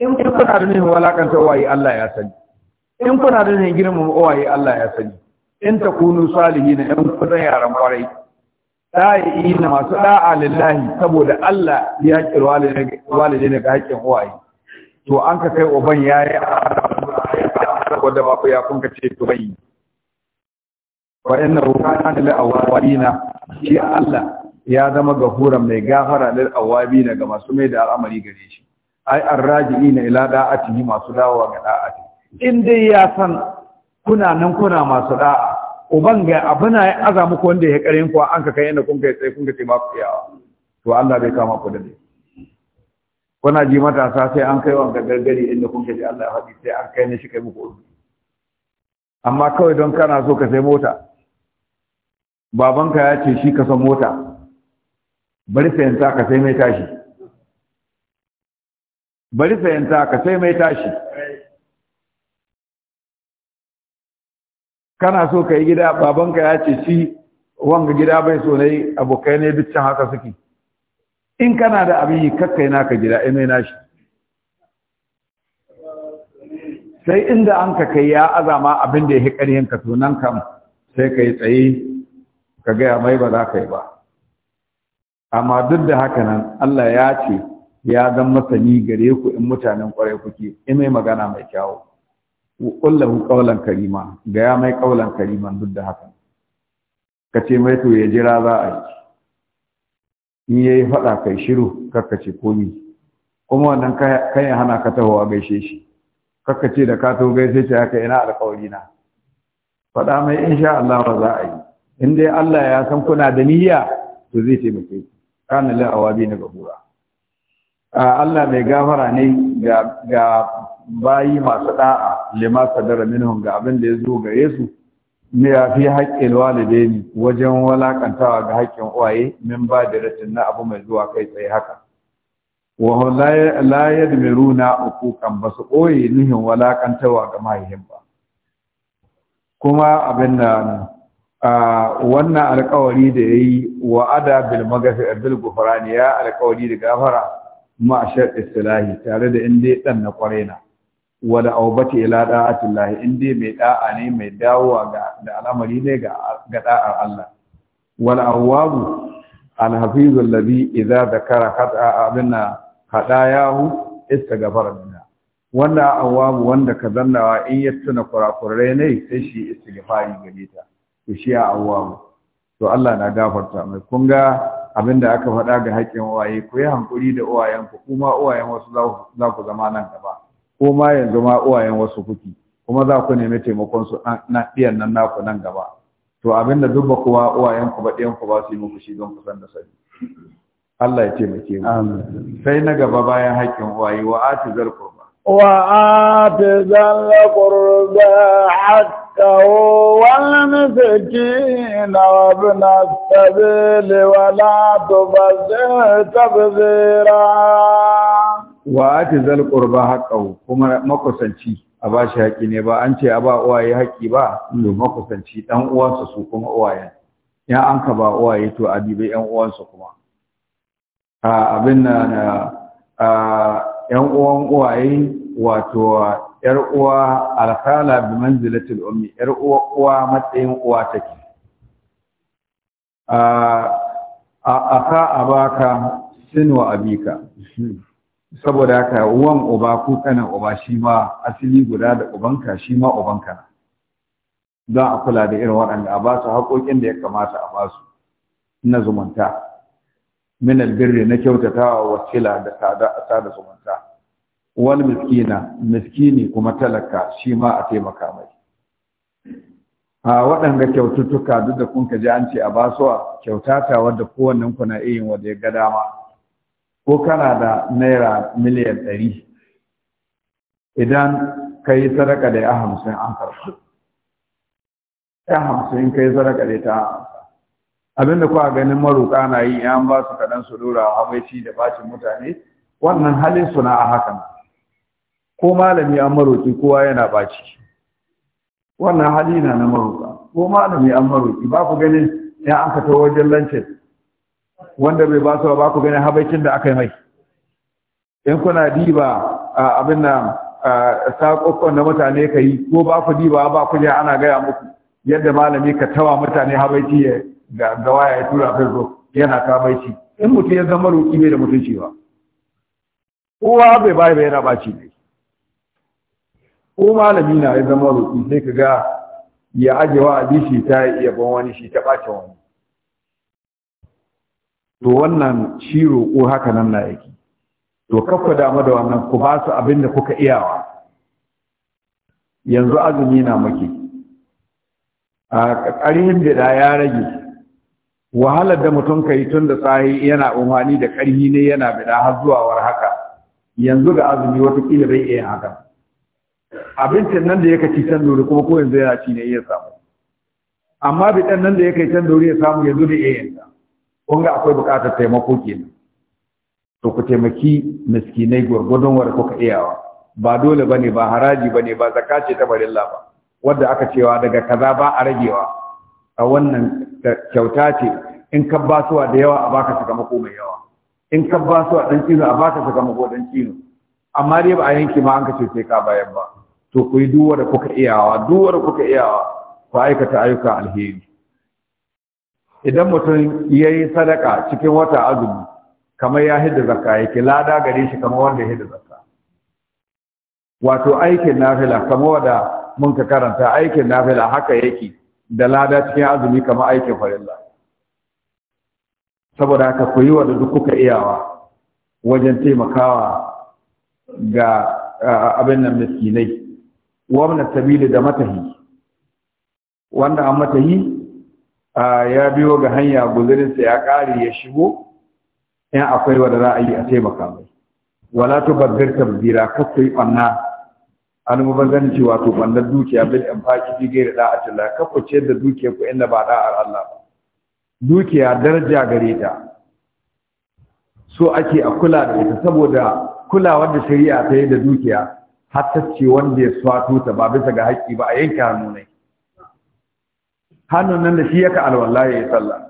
in kuna da nihin walakanta uwaye Allah ya sani in kuna da nihin girmama uwaye Allah ya sani in ta kunu salihi na yan kuna yaran kwarai da'iina masu da'a lillahi saboda Allah ya haƙƙi walidai ga haƙƙin uwaye to an ka kai uban ya yi wadda ba ku ya kun ka ce to bai wa inna ruhana lil awabina shi Allah ya zama gafuran mai gafara lil awabina ga masu mai da al'amari gare shi ai arrajiina ila da'atihi masu dawowa ga da'ati in dai ya san kuna nan kuna masu da'a uban ga abuna ya aza muku wanda ya karin ku an ka kai inda kun kai sai kun ka ce ba ku yawa to Allah bai kama ku da dai kuna ji matasa sai an kai wanka gargari inda kun ji Allah ya haɗi sai an kai ne shi kai muku uzuri amma kawai don kana so ka sai mota babanka ya ce shi ka san mota bari sayanta ka sai mai tashi bari sayanta ka sai mai tashi kana so ka yi gida babanka ya ce shi wanga gida bai so na yi abokai ne duk can haka suke in kana da abin yi kakkai naka gida ina nashi sai inda an ka kai ya azama abin da ya hikarihin ka tunan kam sai ka yi tsaye ka gaya mai ba za ka yi ba amma duk da haka nan Allah ya ce ya zan masani gare ku in mutanen kwarai kuke imai magana mai kyawu kullahu qawlan karima gaya mai qawlan kariman duk da haka kace mai to ya jira za a yi in yi faɗa kai shiru kakkace komi kuma wannan kai hana ka tahowa gaishe shi kakkace da ka taho gaishe shi haka ina alƙawari na faɗa mai in sha Allah ba za a yi in dai Allah ya san kuna da niyya to zai taimake ku kana la awabi na gabura Allah mai gafara ne ga bayi masu da'a lima sadara minhum ga abin da ya zo gare su ya fi haƙƙin ne wajen walakantawa ga haƙƙin uwaye min ba da rashin na abu mai zuwa kai tsaye haka wa na yadmiruna kan ba su ɓoye nihin walakantawa ga mahaihin ba kuma abin da wannan alkawari da ya yi wa ada bil magafi bil gufrani ya alkawari da gafara ma shar istilahi tare da inda ɗan na na wada aubati ila da'atillah in dai mai da'a ne mai dawowa ga da al'amari ne ga ga da'ar Allah wal awwabu an hafiz alladhi idza dhakara khata'a abinna hadayahu istaghfara minna wanda awwabu wanda ka zannawa in ya tuna kurakurai ne sai shi istighfari gare ta to shi awwabu to Allah na gafarta mai kun ga abin aka faɗa ga haƙƙin waye? ku yi hankuri da uwayenku kuma uwayen wasu za ku zama nan gaba ko ma yanzu ma uwayen wasu kuki kuma za ku nemi taimakon su na ɗiyan nan naku nan gaba to abin da duk ba kuwa uwayen ku ba ɗiyan ku ba su yi muku shi don ku san da sani Allah ya taimake mu sai na gaba bayan haƙƙin uwaye wa ati zar kurba wa ati zar qurba na والمسكين وابن السبيل tabzira wa ati zal qurba haqqahu kuma makusanci a ba shi haƙi ne ba an ce a ba uwaye haƙi ba to makusanci dan uwansa su kuma uwayen ya an ka ba uwaye to a dibe yan uwansa kuma a abin na a yan uwan uwaye wato yar uwa alkhala bi manzilatil ummi yar uwa uwa matsayin uwa take a aka abaka sin abika saboda haka uwan uba ko kanin uba shi ma asali guda da ubanka shi ma ubanka don a kula da irin waɗanda a ba su haƙoƙin da ya kamata a ba su na zumunta min albirri na kyautata kyautatawa wasila da sada da zumunta uwan miskina miskini kuma talaka shi ma a taimaka mai a waɗanda kyaututtuka duk da kun ka ji an ce a basuwa kyautata wadda kowannen ku na iya yin wanda ya ga dama ko kana da naira miliyan ɗari idan ka yi sadaka da ya hamsin an karfi ya hamsin ka yi sadaka da ta hamsin da kuwa ganin maruka na yi ya ba su kaɗan su dora habaici da bacin mutane wannan halin suna a hakan ko malami an maroki kowa yana baci wannan hali na na maruƙa ko malami an maroki ba ku ganin ya an ka ta wajen lancet? wanda bai ba su ba ku ganin habaicin da aka yi mai in kuna diba abin na sakokon da mutane ka yi ko ba ku diba ba ku ana gaya muku yadda malami ka tawa mutane habaici ya ga gawa ya tura facebook yana ta baici in mutum ya zama roƙi bai da mutunci ba kowa bai bai bai yana ɓaci ne ko malami na ya zama roƙi sai ka ga ya ajiye wa abishi ta iya ban wani shi ta ɓace wani to wannan shi roƙo haka nan na yake to kafa damu da wannan ku ba su abin da kuka iyawa yanzu azumi na muke a ƙarfin da ya rage wahalar da mutum ka yi tun da tsahi yana umarni da ƙarfi ne yana bida har zuwa war haka yanzu ga azumi watakila bai iya haka abincin nan da ya kaci can dori kuma ko yanzu yana ci ne iya samu amma bidan nan da ya kai can dori ya samu yanzu da iya yanta kun ga akwai buƙatar taimako kenan to ku taimaki miskinai gwargwadon wadda kuka iyawa ba dole bane ba haraji bane ba zakka ce ta barilla ba wanda aka cewa daga kaza ba a ragewa a wannan kyauta ce in ka basuwa da yawa a baka sakamako mai yawa in ka basuwa dan kino a baka sakamako dan kino amma dai ba a yanke ma an ka ce sai ka bayan ba to ku yi duwar kuka iyawa duwar kuka iyawa ku aikata ayyuka alheri idan mutum ya yi sadaka cikin wata azumi kamar ya hidda zakka ke lada gare shi kamar wanda ya hidda zakka wato aikin nafila kamar wanda mun ka karanta aikin nafila haka yake da lada cikin azumi kamar aikin farilla saboda haka ku yi wanda duk kuka iyawa wajen taimakawa ga abin nan miskinai sabili da matahi wanda an matahi ya biyo ga hanya guzurinsa ya ƙare ya shigo in akwai wanda za a yi a taimaka mai wala to babbar tabbira kar yi ɓanna almubazan cewa to ɓannar dukiya bil in fa ki gaira da atilla kar ku ce da dukiya ku inda ba da'ar Allah ba dukiya daraja gare ta so ake a kula da ita saboda kulawar da shari'a ta yi da dukiya har ta ce wanda ya swato ta ba bisa ga haƙƙi ba a yanke hannu ne hannun nan da shi yaka alwala ya yi sallah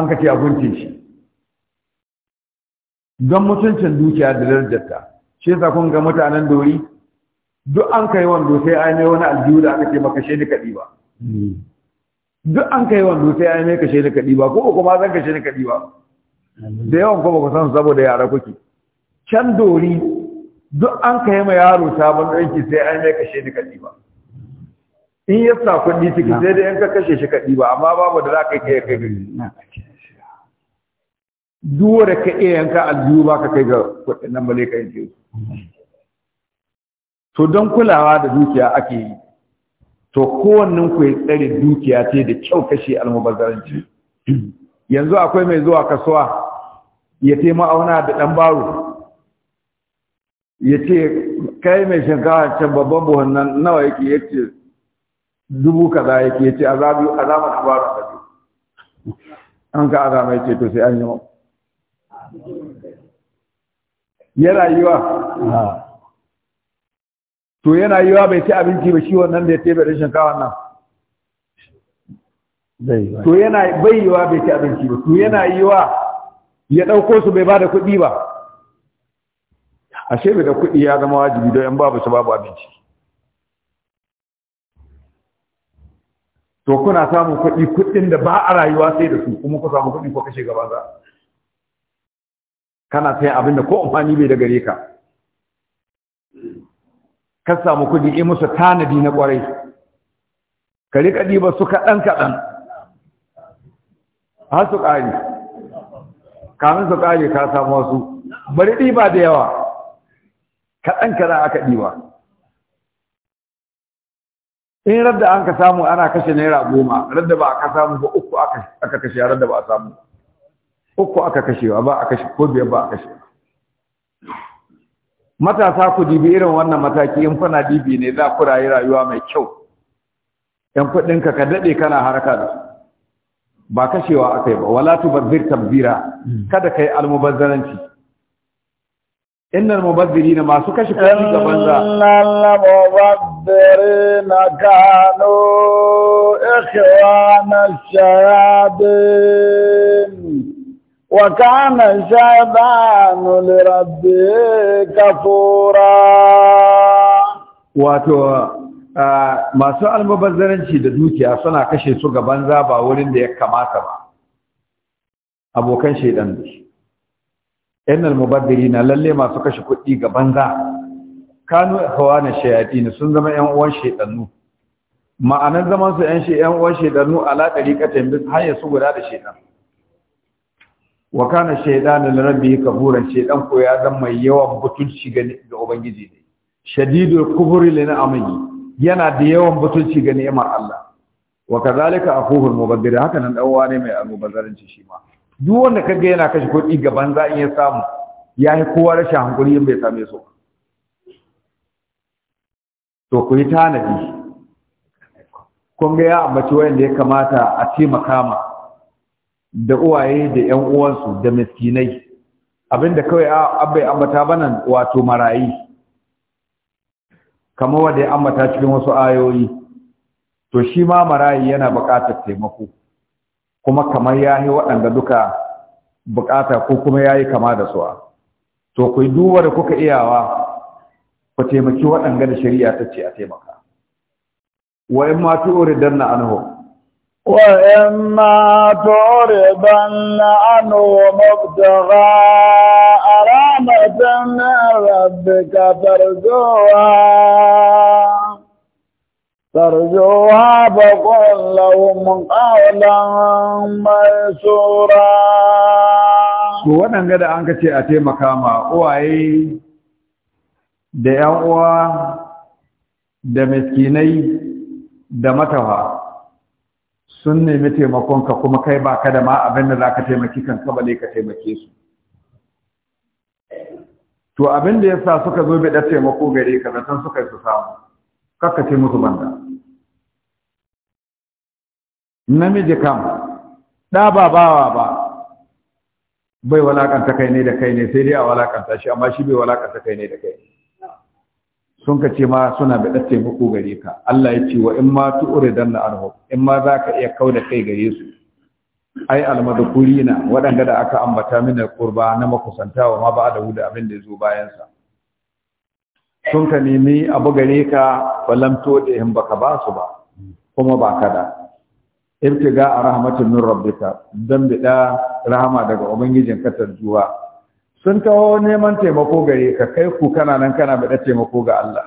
an ka ce abincin shi don mutuncin dukiya da darajarta shi yasa kun ga mutanen dori duk an kai wando sai ai mai wani aljihu da aka ce maka shi ka ba hmm. duk an kai wando sai ai mai kashe ni ka ba ko kuma zan kashe ni ka ba hmm. da yawan kuma ku san saboda yara kuke can dori duk an kai ma yaro sabon ɗanki sai ai mai kashe ni ka ba in ya sa kuɗi ciki sai dai yanka kashe shi kaɗi ba amma babu da za ka iya kai gari duwa da ka iya yanka aljihu ba ka kai ga kuɗin nan bale ka yanke su to don kulawa da dukiya ake yi to kowannen ku ya tsare dukiya ce da kyau kashe almubazzaranci yanzu akwai mai zuwa kasuwa ya ce ma'auna da ɗan baro ya ce kai mai shinkawa can babban buhun nan nawa yake ya ce dubu kaza yake ce azabi azaman abaran da an ka azama ce to sai an yi yana yiwa to yana yiwa bai ci abinci ba shi wannan da ya tebe da shinkawa nan to yana bai yiwa bai ci abinci ba to yana yiwa ya ɗauko su bai ba da kuɗi ba ashe bai da kuɗi ya zama wajibi don yan babu su babu abinci to kuna samun kuɗi kuɗin da ba a rayuwa sai da su kuma ku samu kuɗi ko kashe gaba za kana sai abin da ko amfani bai da gare ka ka samu kuɗi in musu tanadi na ƙwarai ka riƙa ɗiba su kaɗan kaɗan har su ƙari kamin su ƙari ka samu wasu bari ɗiba da yawa kaɗan kaɗan aka ɗiba in radda an ka samu ana kashe naira goma radda ba ka samu ba uku aka kashe radda ba a samu uku aka kashewa ba a kashe ko biyar ba a kashe matasa ku dibi irin wannan mataki in kuna dibi ne za ku rayu rayuwa mai kyau yan kuɗinka ka daɗe kana haraka da su ba kashewa aka yi ba wala tubazzir zira, hmm. kada ka yi almubazzaranci innal mubazzirina masu kashe kuɗi ga banza innal mubazzirina kanu ikhwana shayatin wa kana shaytanu lirabbi kafura wato masu almubazzaranci da dukiya suna kashe su ga banza ba wurin da ya kamata ba abokan shaidan innal mubadirina lalle masu kashe kuɗi ga banza kanu hawana shayatin sun zama ƴan uwan shedannu ma'anar zaman su ƴan ƴan uwan shedannu ala tariqatin bis hayya su guda da shedan wa kana shaydanu li ka kafuran shedan ko ya zama yawan butulci ga ubangiji ne shadidul kufri li na'amihi yana da yawan butulci ga ni'imar Allah wa kazalika akuhul mubadir haka nan dan uwa ne mai almubazzaranci shi ma duk wanda ka ga yana kashe kuɗi gaban za in ya samu ya yi kowa rashin hankuri in bai same su to ku yi tanadi kun ga ya ambaci wanda ya kamata a taimaka ma da uwaye da 'yan uwansu da miskinai abinda kawai abai ambata banan wato marayi kamar wanda ya ambata cikin wasu ayoyi to shi ma marayi yana buƙatar taimako kuma kamar ya yi waɗanda duka bukata ko kuma ya yi kama da suwa to ku yi duba da kuka iyawa ku taimaki waɗanda da shari'a ta ce a taimaka wa in ma tu'uri danna anhu وإما تعرضن عنه مبتغاء na من ربك ترجوها فارجوها فقل لهم قولا منصورا to waɗanga da an ka ce a taimaka ma uwaye da ‘yan uwa da miskinai da matawa sun nemi taimakonka kuma kai ba ka da ma abin da za ka taimaki kan kabale ka taimake su to abin da ya sa suka zo bai da taimako gare ka zaton suka yi su samu kakkace musu banda namiji kam ɗa ba bawa ba bai walakanta kai ne da kai ne sai dai a walakanta shi amma shi bai walakanta kai ne da kai sun ka ce ma suna da ɗace muku gare ka Allah ya ce wa in ma tu'ure dan na arhu in ma za ka iya kau da kai gare su ai na. waɗanda da aka ambata mini kurba na makusanta wa ma ba da huda abin da ya zo bayansa. sa sun ka nemi abu gare ka balam lamto da baka ba su ba kuma ba ka da ibtiga a rahmatin min rabbika dan bida rahama daga ubangijin ka tarjuwa sun kawo neman taimako gare ka kai ku kana nan kana bida taimako ga Allah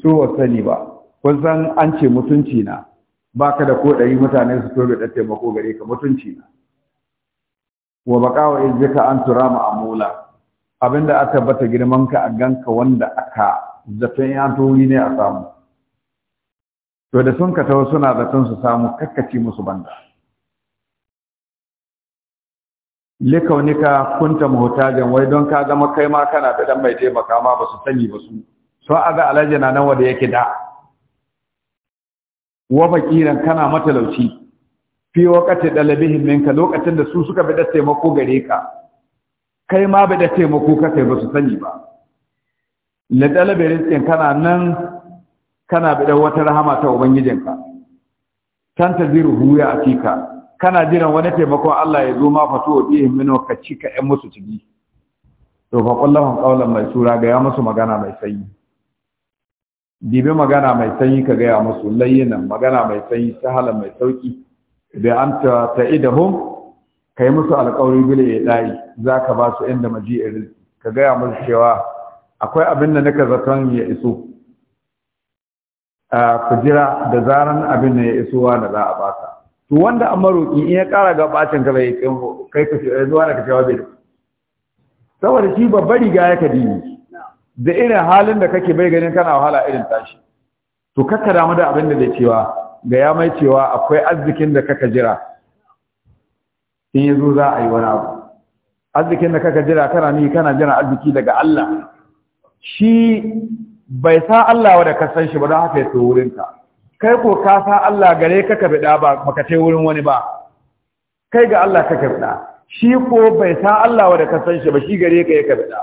su wasani ba kun san an ce mutunci na baka da ko ɗari mutane su to bida taimako gare ka mutunci na wa baqawa ka an turama amula abinda aka bata girman ka a ganka wanda aka zaton ya to ne a samu to da sun ka suna zaton su samu kakkaci musu banda likaunika kunta muhtajan wai don ka zama kai ma kana da dan mai taimaka ma ba su sani ba su so aga alaji na nan wanda yake da wa fakiran kana matalauci fi waqati dalabihim minka lokacin da su suka bi da taimako gare ka kai ma bi da taimako ka kai ba su sani ba la dalabe rizqin kana nan kana bi wata rahama ta ubangijinka tan taziru huya atika kana jiran wani taimako Allah ya zo ma fatu wa bihim min ka cika musu ciki to fa qullahu qawlan mai sura ga ya musu magana mai sanyi dibe magana mai sanyi ka ga ya musu layyana magana mai sanyi sahala mai sauki bi anta ta'idahum kai musu alƙawari bile ya dai zaka ba su inda maji'ir ka ga ya musu cewa akwai abin da naka zaton ya iso ku jira da zaran abin da ya isowa da za a baka to wanda an maroki in ya kara ga bacin kala ya kai ka ce zuwa da ka cewa bai saboda shi babbar riga ya kadini da irin halin da kake bai ganin kana wahala irin tashi to kakka damu da abin da zai cewa ga ya mai cewa akwai arzikin da kaka jira in yazo za a yi wani abu arzikin da kaka jira kana ni kana jira arziki daga Allah shi bai sa Allah da ka san shi ba don haka ya to wurinka kai ko ka sa Allah gare ka ka ɗa ba baka tai wurin wani ba kai ga Allah ka ka ɗa, shi ko bai sa Allah da ka san shi ba shi gare ka ya ka ɗa,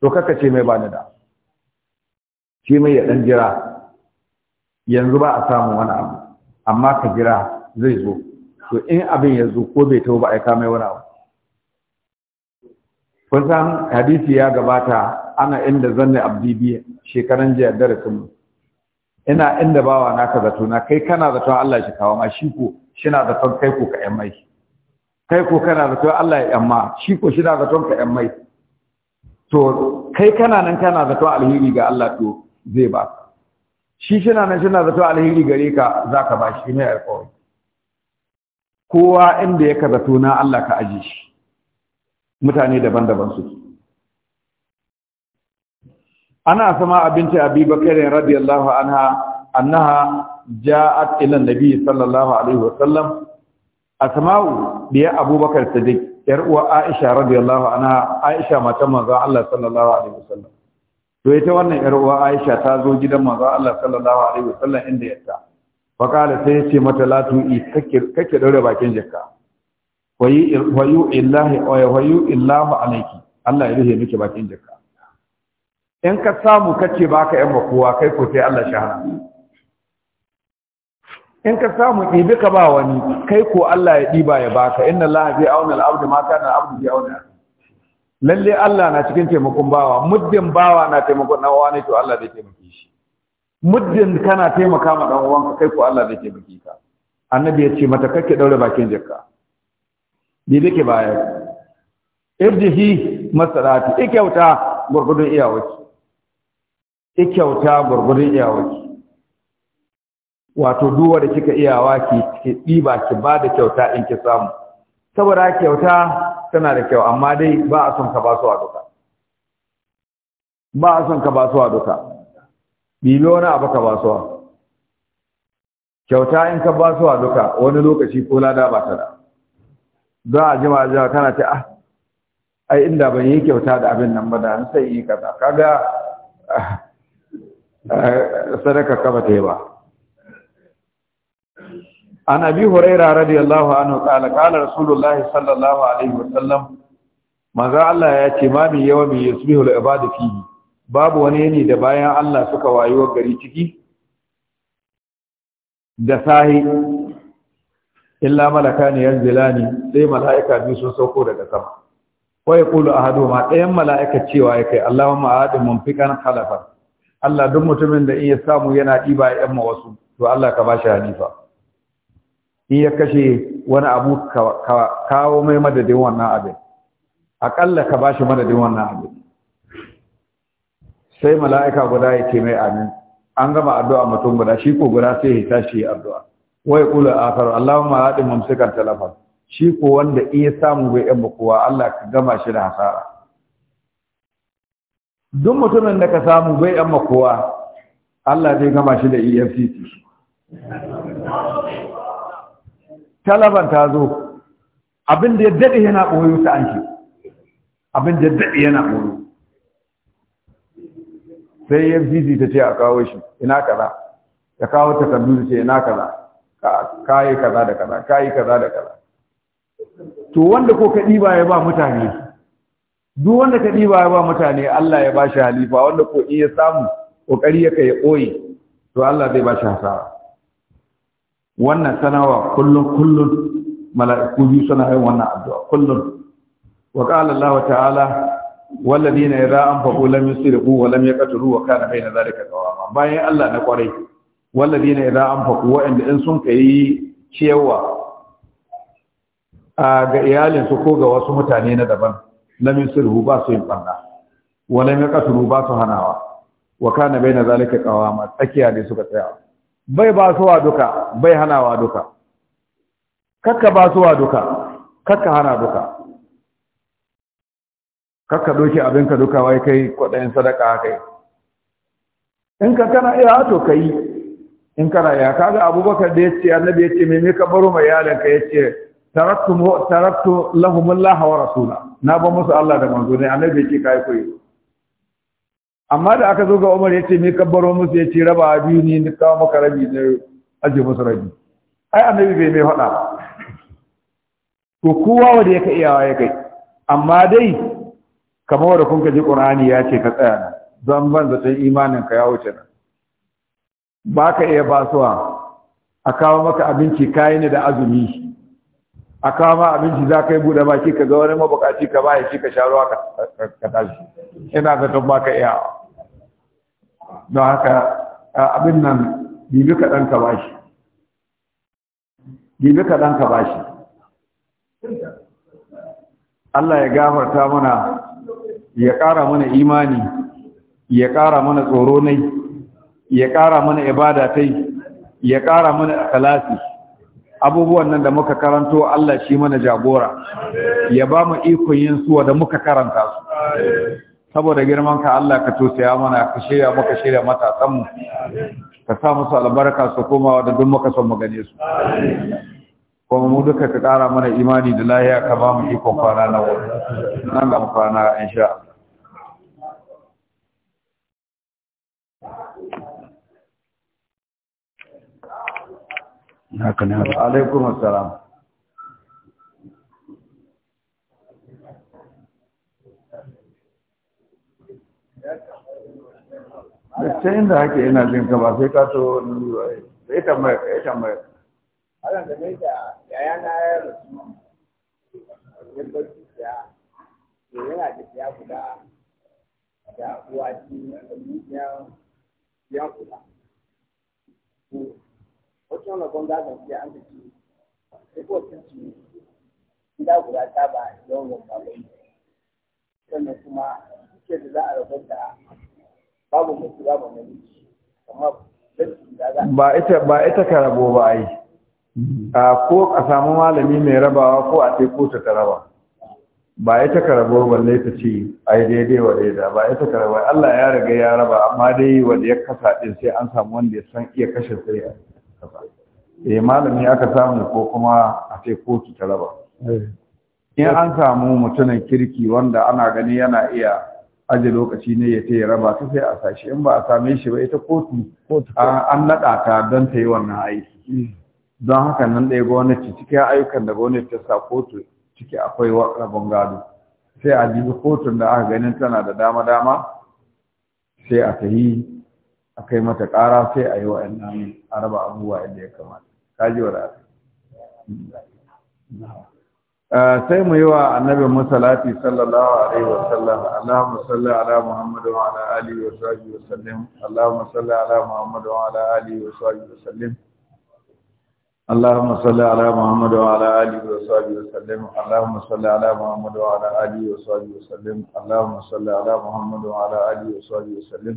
to kaka ce mai ba ni da shi mai ya jira yanzu ba a samu wani abu amma ka jira zai zo to in abin ya zo ko bai tawo ba yi mai wani abu kun san hadisi ya gabata ana inda zanne abdi shekaran jiya darasin ina inda bawa naka zato na kai kana zato Allah shi kawo ma shi ko shina zato kai ko ka yan mai kai ko kana zato Allah ya yan ma shi ko shina zato ka yan mai to kai kana nan kana zato alheri ga Allah to zai ba shi shina nan shina zato alheri gare ka zaka ba shi ne alƙawari kowa inda ya ka zato na Allah ka aje shi mutane daban-daban suke ana sama abinci a abi bakarin radiyallahu anha annaha ja'at ila nabi sallallahu alaihi wasallam asma'u biya abubakar Sadiq, yar uwa aisha radiyallahu anha aisha matan manzon Allah sallallahu alaihi wasallam to ita wannan yar uwa aisha ta zo gidan manzon Allah sallallahu alaihi wasallam inda yatta fa kala sai ce mata latu i kake kake daure bakin jakka wayu illahi wa wayu illahu alayki Allah ya rufe miki bakin jakka in ka samu kace ba ka yan makowa kai ko sai Allah shahara in ka samu ɗibi ka ba wani kai ko Allah ya ɗiba ya baka inna Allah bi auna al-abdu ma kana abdu bi auna lalle Allah na cikin taimakon bawa muddin bawa na taimakon na uwa ne to Allah zai taimake shi muddin kana taimaka ma dan uwanka kai ko Allah zai taimake ka annabi ya ce mata kake daure bakin jakka ni dake bayar ibdihi masalati ikauta gurgudun iyawaki ki kyauta gurgurin iyawaki wato duwa da kika iyawa ki ki diba ki ba da kyauta in ki samu saboda kyauta tana da kyau amma dai ba a son ka ba su a duka ba a son ka ba su a duka bilo abu ka ba su kyauta in ka ba su a duka wani lokaci ko lada ba ta da za a jima jima kana ta ah ai inda ban yi kyauta da abin nan ba da sai yi kaza kaga ah, Eh, sadaka ka bata yi ba an abi huraira radiyallahu anhu qala qala rasulullah sallallahu alaihi wasallam maza Allah ya ce ma mai yawmi yusbihu al-ibadu fihi babu wani ne da bayan Allah suka wayo gari ciki da sahi illa malaka ne yanzilani sai mala'ika biyu sun sauko daga sama wa yaqulu ahaduhuma ɗayan mala'ika cewa yake Allahumma mumfi kan khalafa Allah duk mutumin da iya samu yana ɗiba ya yamma wasu to Allah ka bashi halifa in ya kashe wani abu ka kawo mai madadin wannan abin aƙalla ka bashi madadin wannan abin sai mala'ika guda ya ce mai amin an gama addu'a mutum guda shi ko guda sai ya tashi ya addu'a wai kula akar Allahumma hadin mumsikan talafa shi ko wanda iya samu bai yan kowa Allah ka gama shi da hasara duk mutumin da ka samu bai yan makowa Allah zai gama shi da EFCC talaban ta zo abin da ya daɗe yana ɓoyo ta an abin da ya daɗe yana ɓoyo sai EFCC ta ce a kawo shi ina kaza ta kawo ta ta ce ina kaza kayi kaza da kaza kayi kaza da kaza to wanda ko ka ɗiba ya ba mutane duk wanda ka diba ya ba mutane Allah ya ba shi halifa wanda ko iya samu kokari ya kai ɓoye, to Allah zai ba shi hasara wannan sanawa kullun kullun mala'iku biyu suna yin wannan addu'a kullun wa qala Allah ta'ala والذين إذا da ka يسرقوا ولم Bayan Allah na ƙwarai قواما باين الله نقري والذين إذا أنفقوا in sun kai ciyawa a ga iyalinsu ko ga wasu mutane na daban lam yusirhu ba su yin banna wa lam yaqturu ba su hanawa wa kana baina zalika qawama tsakiya ne suka tsaya bai ba duka bai hanawa duka kakka ba suwa duka kakka hana duka kakka doke abinka duka wai kai kwaɗayin sadaka kai in ka kana iya to ka yi in kana iya kaga abubakar da ya ce annabi ya ce mai ka baro mai yalinka ya ce taraktu lahumullaha wa rasula na ba musu Allah da manzo ne annabi yake kai koyi amma da aka zo ga Umar yace me kabbaro musu yace raba biyu ni kawo maka rabi ne aje musu rabi ai annabi bai mai faɗa to kowa wanda yake iyawa ya kai amma dai kamar wanda kun kaji Qur'ani ya ce ka tsaya nan zan ban da zaton imanin ka ya wuce nan ba ka iya basuwa a kawo maka abinci kayi ne da azumi a kawo ma abinci za ka yi buɗe baki ka ga wani mabukaci ka baya shi ka sha ruwa ka tashi ina ga tun ka iya. don haka abin nan bibi kaɗan ka bashi bibi ɗanka ka bashi Allah ya gafarta mana ya ƙara mana imani ya ƙara mana tsoro nai ya ƙara mana ibada tai ya ƙara mana akhlasi abubuwan nan da muka karanto Allah shi mana jagora ya ba mu ikon yin su da muka karanta su saboda girman ka Allah ka tosaya mana ka shirya muka shirya matasanmu ka sa musu albarka su koma da duk muka son mu gane su kuma mu duka ka kara mana imani da lahiya ka ba mu ikon kwana na wani nan da kwana insha Allah haka ne alaikum assalam ta inda hake ina jin sai ka to tambaya tambaya da mai da yaya na ya rasu yana da ya guda da uwa ya wasu wani kwan gagan sai an tafi sai ko tafi gida guda ta ba yawan gwamnati sannan kuma ke da za a rabanta babu mutu babu namiji amma ba ita ba ita ka rabo ba ayi. Hmm. a ko a samu malami mai rabawa ko a ce ko ta raba ba ita ka rabo balle ta ce ai daidai wa daida ba ita ka rabo Allah ya riga ya raba amma dai wanda ya kasa din sai an samu wanda ya san iya kashe sai eh malami aka samu ko kuma a ce kotu ta raba eh. in an samu mutumin kirki wanda ana gani yana iya aje lokaci ne ya ce ya raba ta sai a sashi in ba a same shi ba ita kotu an naɗa ta don ta yi wannan aiki hmm. don haka nan ɗaya gwamnati cikin ayyukan da gwamnati ta sa kotu ciki akwai rabon gado sai a jibi kotun da aka ganin tana da dama-dama sai a ta yi akai mata ƙara sai a yi wa'annan a araba abubuwa yadda ya kamata kaji wa da eh, sai mu yi wa annabi musalati sallallahu alaihi wa sallam Allahumma salli ala Muhammad wa ala alihi wa sahbihi wa sallim Allahumma salli ala Muhammad wa ala alihi wa sahbihi wa sallim Allahumma salli ala Muhammad wa ala alihi wa sahbihi wa sallim Allahumma salli ala Muhammad wa ala alihi wa sahbihi wa sallim Allahumma salli ala Muhammad wa ala alihi wa sahbihi wa sallim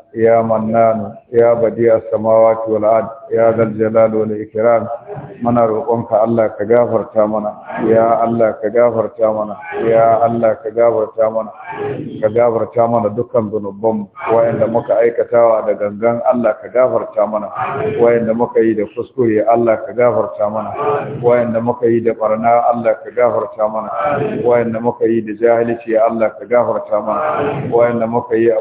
يا منان يا بديع السماوات والارض يا ذا الجلال والاكرام من ka الله كغفر تامنا يا الله كغفر تامنا يا الله كغفر تامنا كغفر تامنا دكان ذنوبم وإن muka aikatawa da gangan Allah ka gafarta mana wayanda muka yi da kuskure Allah ka gafarta mana wayanda muka yi da barna Allah ka gafarta mana wayanda muka yi da jahilci Allah ka gafarta mana wayanda muka yi a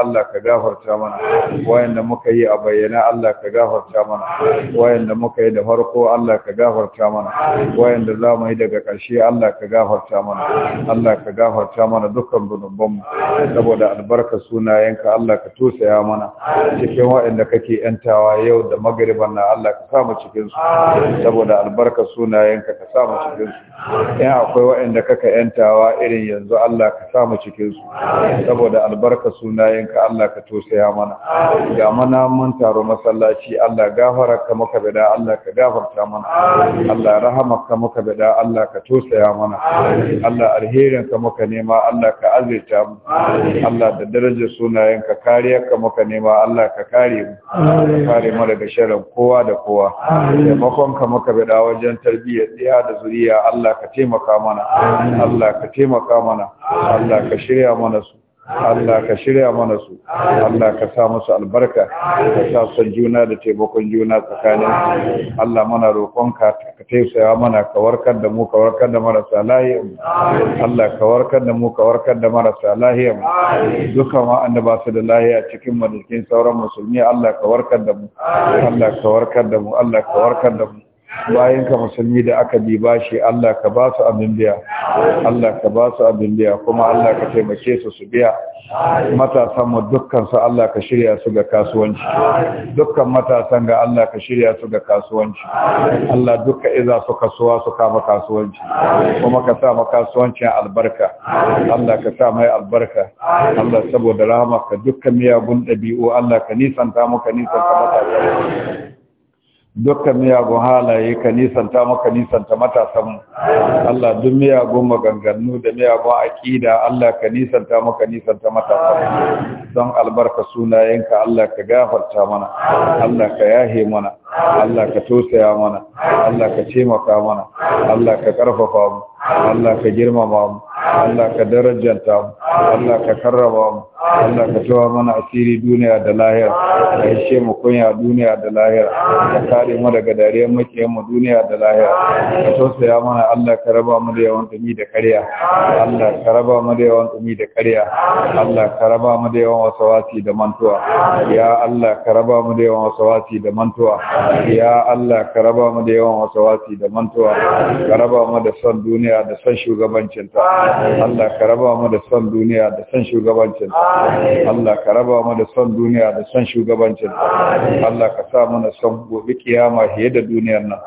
Allah ka gafarta mana wayanda muka yi a bayyana Allah ka gafarta mana wayanda muka yi da farko Allah ka gafarta mana wayanda za mu yi daga ƙarshe Allah ka gafarta mana Allah ka gafarta mana dukkan zunubanmu saboda albarka sunayenka Allah ka tosaya mana cikin wayanda kake yantawa yau da magriban na Allah ka sa mu cikin su saboda albarka sunayenka ka sa mu cikin su in akwai wayanda kaka yantawa irin yanzu Allah ka sa mu cikin su saboda albarka sunayenka Allah ka tosaya tausaya mana ga mana mun taro masallaci Allah gafara ka muka bada Allah ka gafarta mana Allah rahama ka muka bada Allah ka tausaya mana Allah alherin ka muka nema Allah ka azirta mu Allah da darajar sunayen ka kariya ka muka nema Allah ka kare mu kare mu daga sharrin kowa da kowa taimakon ka muka bada wajen tarbiyyar tsaya da zuriya Allah ka taimaka mana Allah ka taimaka mana Allah ka shirya mana su Allah ka shirya mana su Allah ka sa musu albarka ka sa son juna da taimakon juna tsakanin Allah mana roƙonka ka tausaya mana ka warkar da mu ka warkar da marasa lahiya Allah ka warkar da mu ka warkar da marasa lahiya duka ma ba su da lahiya cikin mu sauran musulmi Allah ka warkar da mu Allah ka warkar da mu Allah ka warkar da mu bayan ka musulmi da aka bi bashi Allah ka ba su abin biya Allah ka ba su abin biya kuma Allah ka taimake su su biya matasan mu dukkan su Allah ka shirya su ga kasuwanci dukkan matasan ga Allah ka shirya su ga kasuwanci Allah duka iza su kasuwa su kafa kasuwanci kuma ka sa ma kasuwancin albarka Allah ka sa mai albarka Allah saboda rahama ka dukkan miyagun ɗabi'u Allah ka nisanta muka ka nisanta matasan dukkan miyagun halaye ka nisanta maka nisanta matasan Allah duk miyagun maganganu da miyagun aƙida Allah ka nisanta maka nisanta matasan don albarka sunayenka Allah ka gafarta mana Allah ka yahe mana Allah ka tosaya mana Allah ka taimaka mana Allah ka ƙarfafa mu Allah ka girmama mu Allah ka darajanta mu Allah ka karrama mu Allah ka tawa mana asiri duniya da lahira ka ishe mu kunya duniya da lahira ka kare mu daga dariyar makiyan mu duniya da lahira ka tausaya mana Allah ka raba mu da yawan dumi da kariya, Allah ka raba mu da yawan dumi da kariya, Allah ka raba mu da yawan wasawasi da mantuwa ya Allah ka raba mu da yawan wasawasi da mantuwa ya Allah ka raba mu da yawan wasawasi da mantuwa ka raba mu da son duniya da son ta Allah ka raba mu da son duniya da son shugabancin Allah ka raba mu da son duniya da son shugabancin Allah ka sa mu na son gobe kiyama fiye da duniyar nan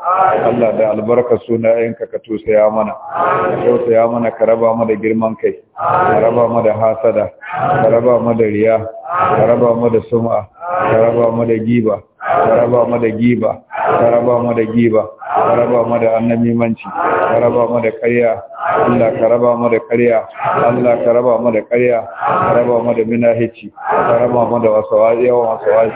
Allah da albarka 'yanka ka tosaya mana tosaya mana ka raba mu da girman kai ka raba mu da hasada ka raba mu da riya ka raba mu da sum'a ka raba mu da giba ka raba mu da giba ka raba mu da giba ka raba mu da annamimanci ka raba mu da ƙarya Allah ka raba mu da ƙarya Allah ka raba mu da ƙarya ka raba mu da minahici ka raba mu da wasawa yawan wasawa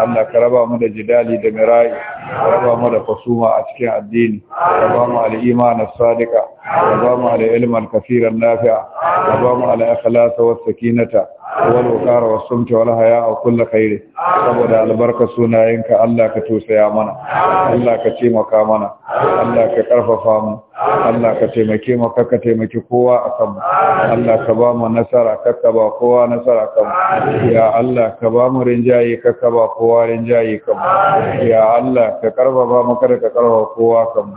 Allah ka raba mu da jidali da mirai raba mu da fasuma a cikin addini ka mu al iman sadiƙa, sadiqa mu al ilm al ka an nafi'a raba mu al wa sakinata wal waqar wa sumt wal haya wa kull kairi, saboda albarka sunayenka Allah ka tusaya mana Allah ka taimaka mana Allah ka karfafa mu Allah ka taimake mu ka taimaki kowa a kanmu Allah ka ba mu nasara ka ba kowa nasara kanmu ya Allah ka ba mu rinjaye ka ba kowa rinjaye kanmu ya Allah ka ba mu kada ka karba kowa kanmu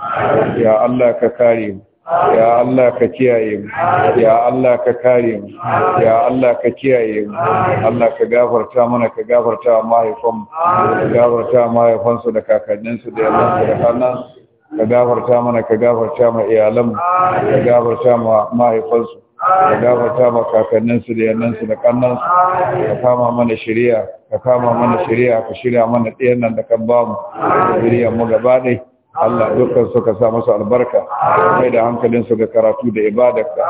ya Allah ka kare mu ya Allah ka kiyaye mu ya Allah ka kare mu ya Allah ka kiyaye mu Allah ka gafarta mana ka gafarta wa mahaifan mu ka gafarta mahaifansu da kakanninsu da yallansu da hannansu ka gafarta mana ka gafarta ma iyalanmu ka gafarta ma mahaifansu ka gafarta ma kakanninsu da yannansu da kannansu ka kama mana shari'a ka kama mana shari'a ka shirya mana ɗiyan nan da kan bamu da zuriyar mu gaba ɗaya Allah dukkan suka sa masu albarka mai da hankalin su ga karatu da ibadarka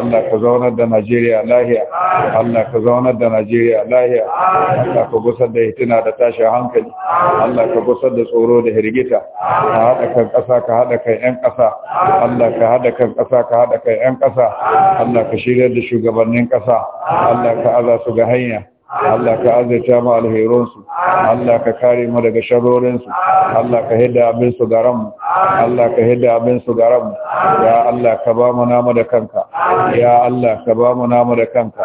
Allah ka zaunar da Najeriya lahiya Allah ka zaunar da Najeriya lahiya Allah ka gusar da hitina da tashin hankali Allah ka gusar da tsoro da hirgita ka hada kan ƙasa ka hada kan ƴan ƙasa Allah ka hada kan ƙasa ka hada kan ƴan ƙasa Allah ka shiryar da shugabannin ƙasa Allah ka aza su ga hanya Allah ka azurta mu alherinsu Allah ka kare mu daga sharorinsu Allah ka hidda abin su garam Allah ka hidda abin su garam ya Allah ka ba mu namu da kanka ya Allah ka ba mu namu da kanka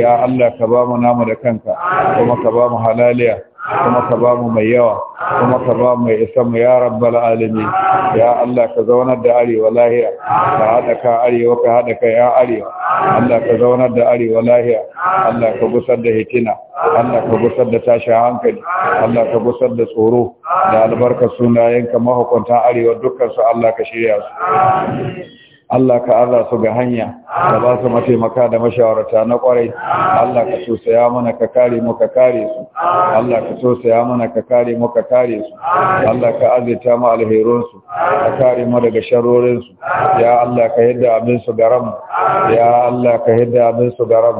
ya Allah ka ba mu namu da kanka kuma ka ba mu halaliya kuma ka ba mu mai yawa kuma ka ba mu isa mu ya rabbal alamin ya Allah ka zaunar da arewa lahiya ka hada ka arewa ka hada ka ya arewa Allah ka zaunar da arewa lahiya Allah ka gusar da hitina Allah ka gusar da tashin hankali Allah ka gusar da tsoro da albarkar sunayenka mahukuntan arewa dukkan su Allah ka shirya su Allah ka Allah su ga hanya da ba su mataimaka da mashawarta na kwarai Allah ka tosaya mana ka kare mu ka kare su Allah ka tosaya mana ka kare mu ka kare su Allah ka azita mu alherun su ka kare mu daga sharorin su ya Allah ka hidda abin su garam ya Allah ka hidda abin su garam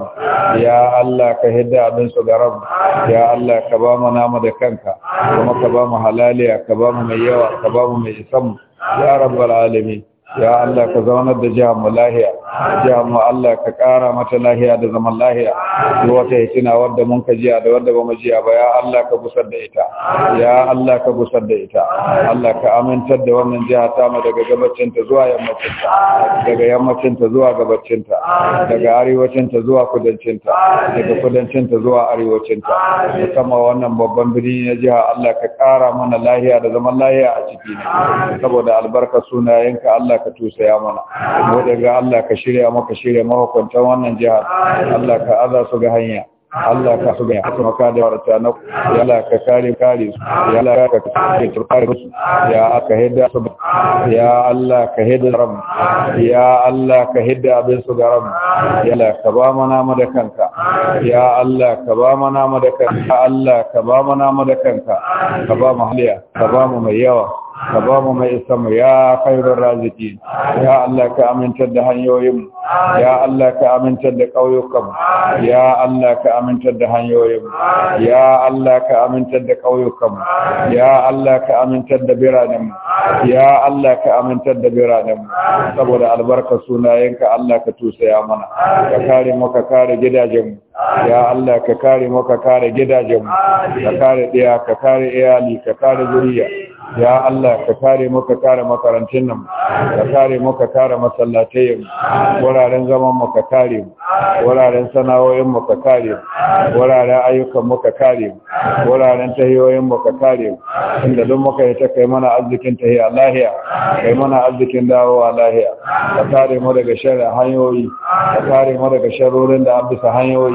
ya Allah ka hidda abin su garam ya Allah ka ba mu nama da kanka kuma ka ba mu halaliya ka ba mu mai yawa ka ba mu mai isam ya rabbal alamin ya Allah ka zaunar da jiha mu lahiya Jiha mu Allah ka ƙara mata lahiya da zaman lahiya duk wata hikina wadda mun ka jiya da wadda bamu jiya ba ya Allah ka gusar da ita ya Allah ka gusar da ita Allah ka amintar da wannan jiha ta mu daga gabacin ta zuwa yammacin ta daga yammacin ta zuwa gabacin ta daga arewacin ta zuwa kudancin ta daga kudancin ta zuwa arewacin ta musamman wannan babban birni na jiha Allah ka ƙara mana lahiya da zaman lahiya a ciki saboda albarka sunayenka Allah ka tusaya mana waɗanda Allah ka shirya maka shirya mahukuntan wannan jihar Allah ka aza su ga hanya Allah ka su gaya kuma ka da warta na ya Allah ka kare kare su ya Allah ka kare turkare su ya aka hidda su ya Allah ka hidda ram ya Allah ka hidda abin su garam ya Allah ka ba mana mu ya Allah ka ba mana mu da Allah ka ba mana mu ka ba mu haliya ka ba mu mai yawa ka ba mu mai isa ya khairur raziki ya Allah ka amintar da hanyoyin ya Allah ka amintar da ƙauyukan ya Allah ka amintar da hanyoyin ya Allah ka amintar da ƙauyukan ya Allah ka amintar da biranen ya Allah ka amintar da biranen saboda albarka sunayenka Allah ka tusaya mana ka kare mu ka kare gidajen ya Allah ka kare mu ka kare gidajen ka kare ɗaya ka kare iyali ka kare zuriya ya Allah ka kare mu ka kare makarantun nan ka kare mu ka kare masallatai wuraren zaman mu ka kare mu wuraren sana'o'in mu ka kare mu wuraren ayyukan mu ka kare mu wuraren tahiyoyin mu ka kare mu inda duk muka yi ta kai mana arzikin tahiya lahiya kai mana arzikin dawowa lahiya ka kare mu daga sharrin hanyoyi ka kare mu daga sharrorin da an bisa hanyoyi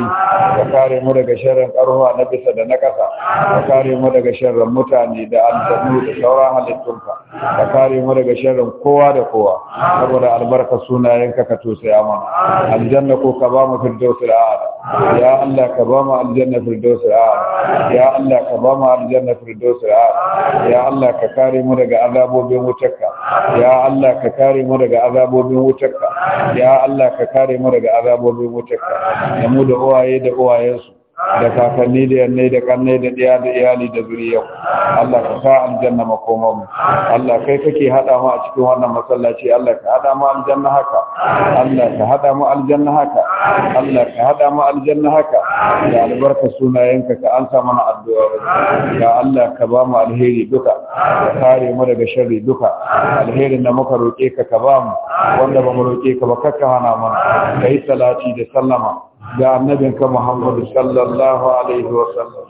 ka kare mu daga sharrin karuwa na bisa da na kasa ka kare mu daga sharrin mutane da an da sauran halittunka ka kare mu daga sharrin kowa da kowa saboda albarka sunayenka ka tosaya mana aljanna ko ka ba mu firdausul a'la ya Allah ka ba mu aljanna firdausul a'la ya Allah ka ba mu aljanna firdausul a'la ya Allah ka kare mu daga azabobin wutarka ya Allah ka kare mu daga azabobin wutarka ya Allah ka kare mu daga azabobin wutarka ya mu da uwaye da uwayensu da kakanni da yannai da kannai da ɗaya da iyali da zuriyar Allah ka sa aljanna makomar mu Allah kai kake haɗa mu a cikin wannan masallaci Allah ka haɗa mu aljanna haka Allah ka haɗa mu aljanna haka Allah ka haɗa mu aljanna haka da albarka sunayenka ka ansa mana addu'a ya Allah ka ba mu alheri duka ka kare mu daga sharri duka alherin da muka roƙe ka ka ba mu wanda ba mu roƙe ka ba kakka hana mana kai salati da sallama da annabinka Muhammadu sallallahu alaihi wa sallam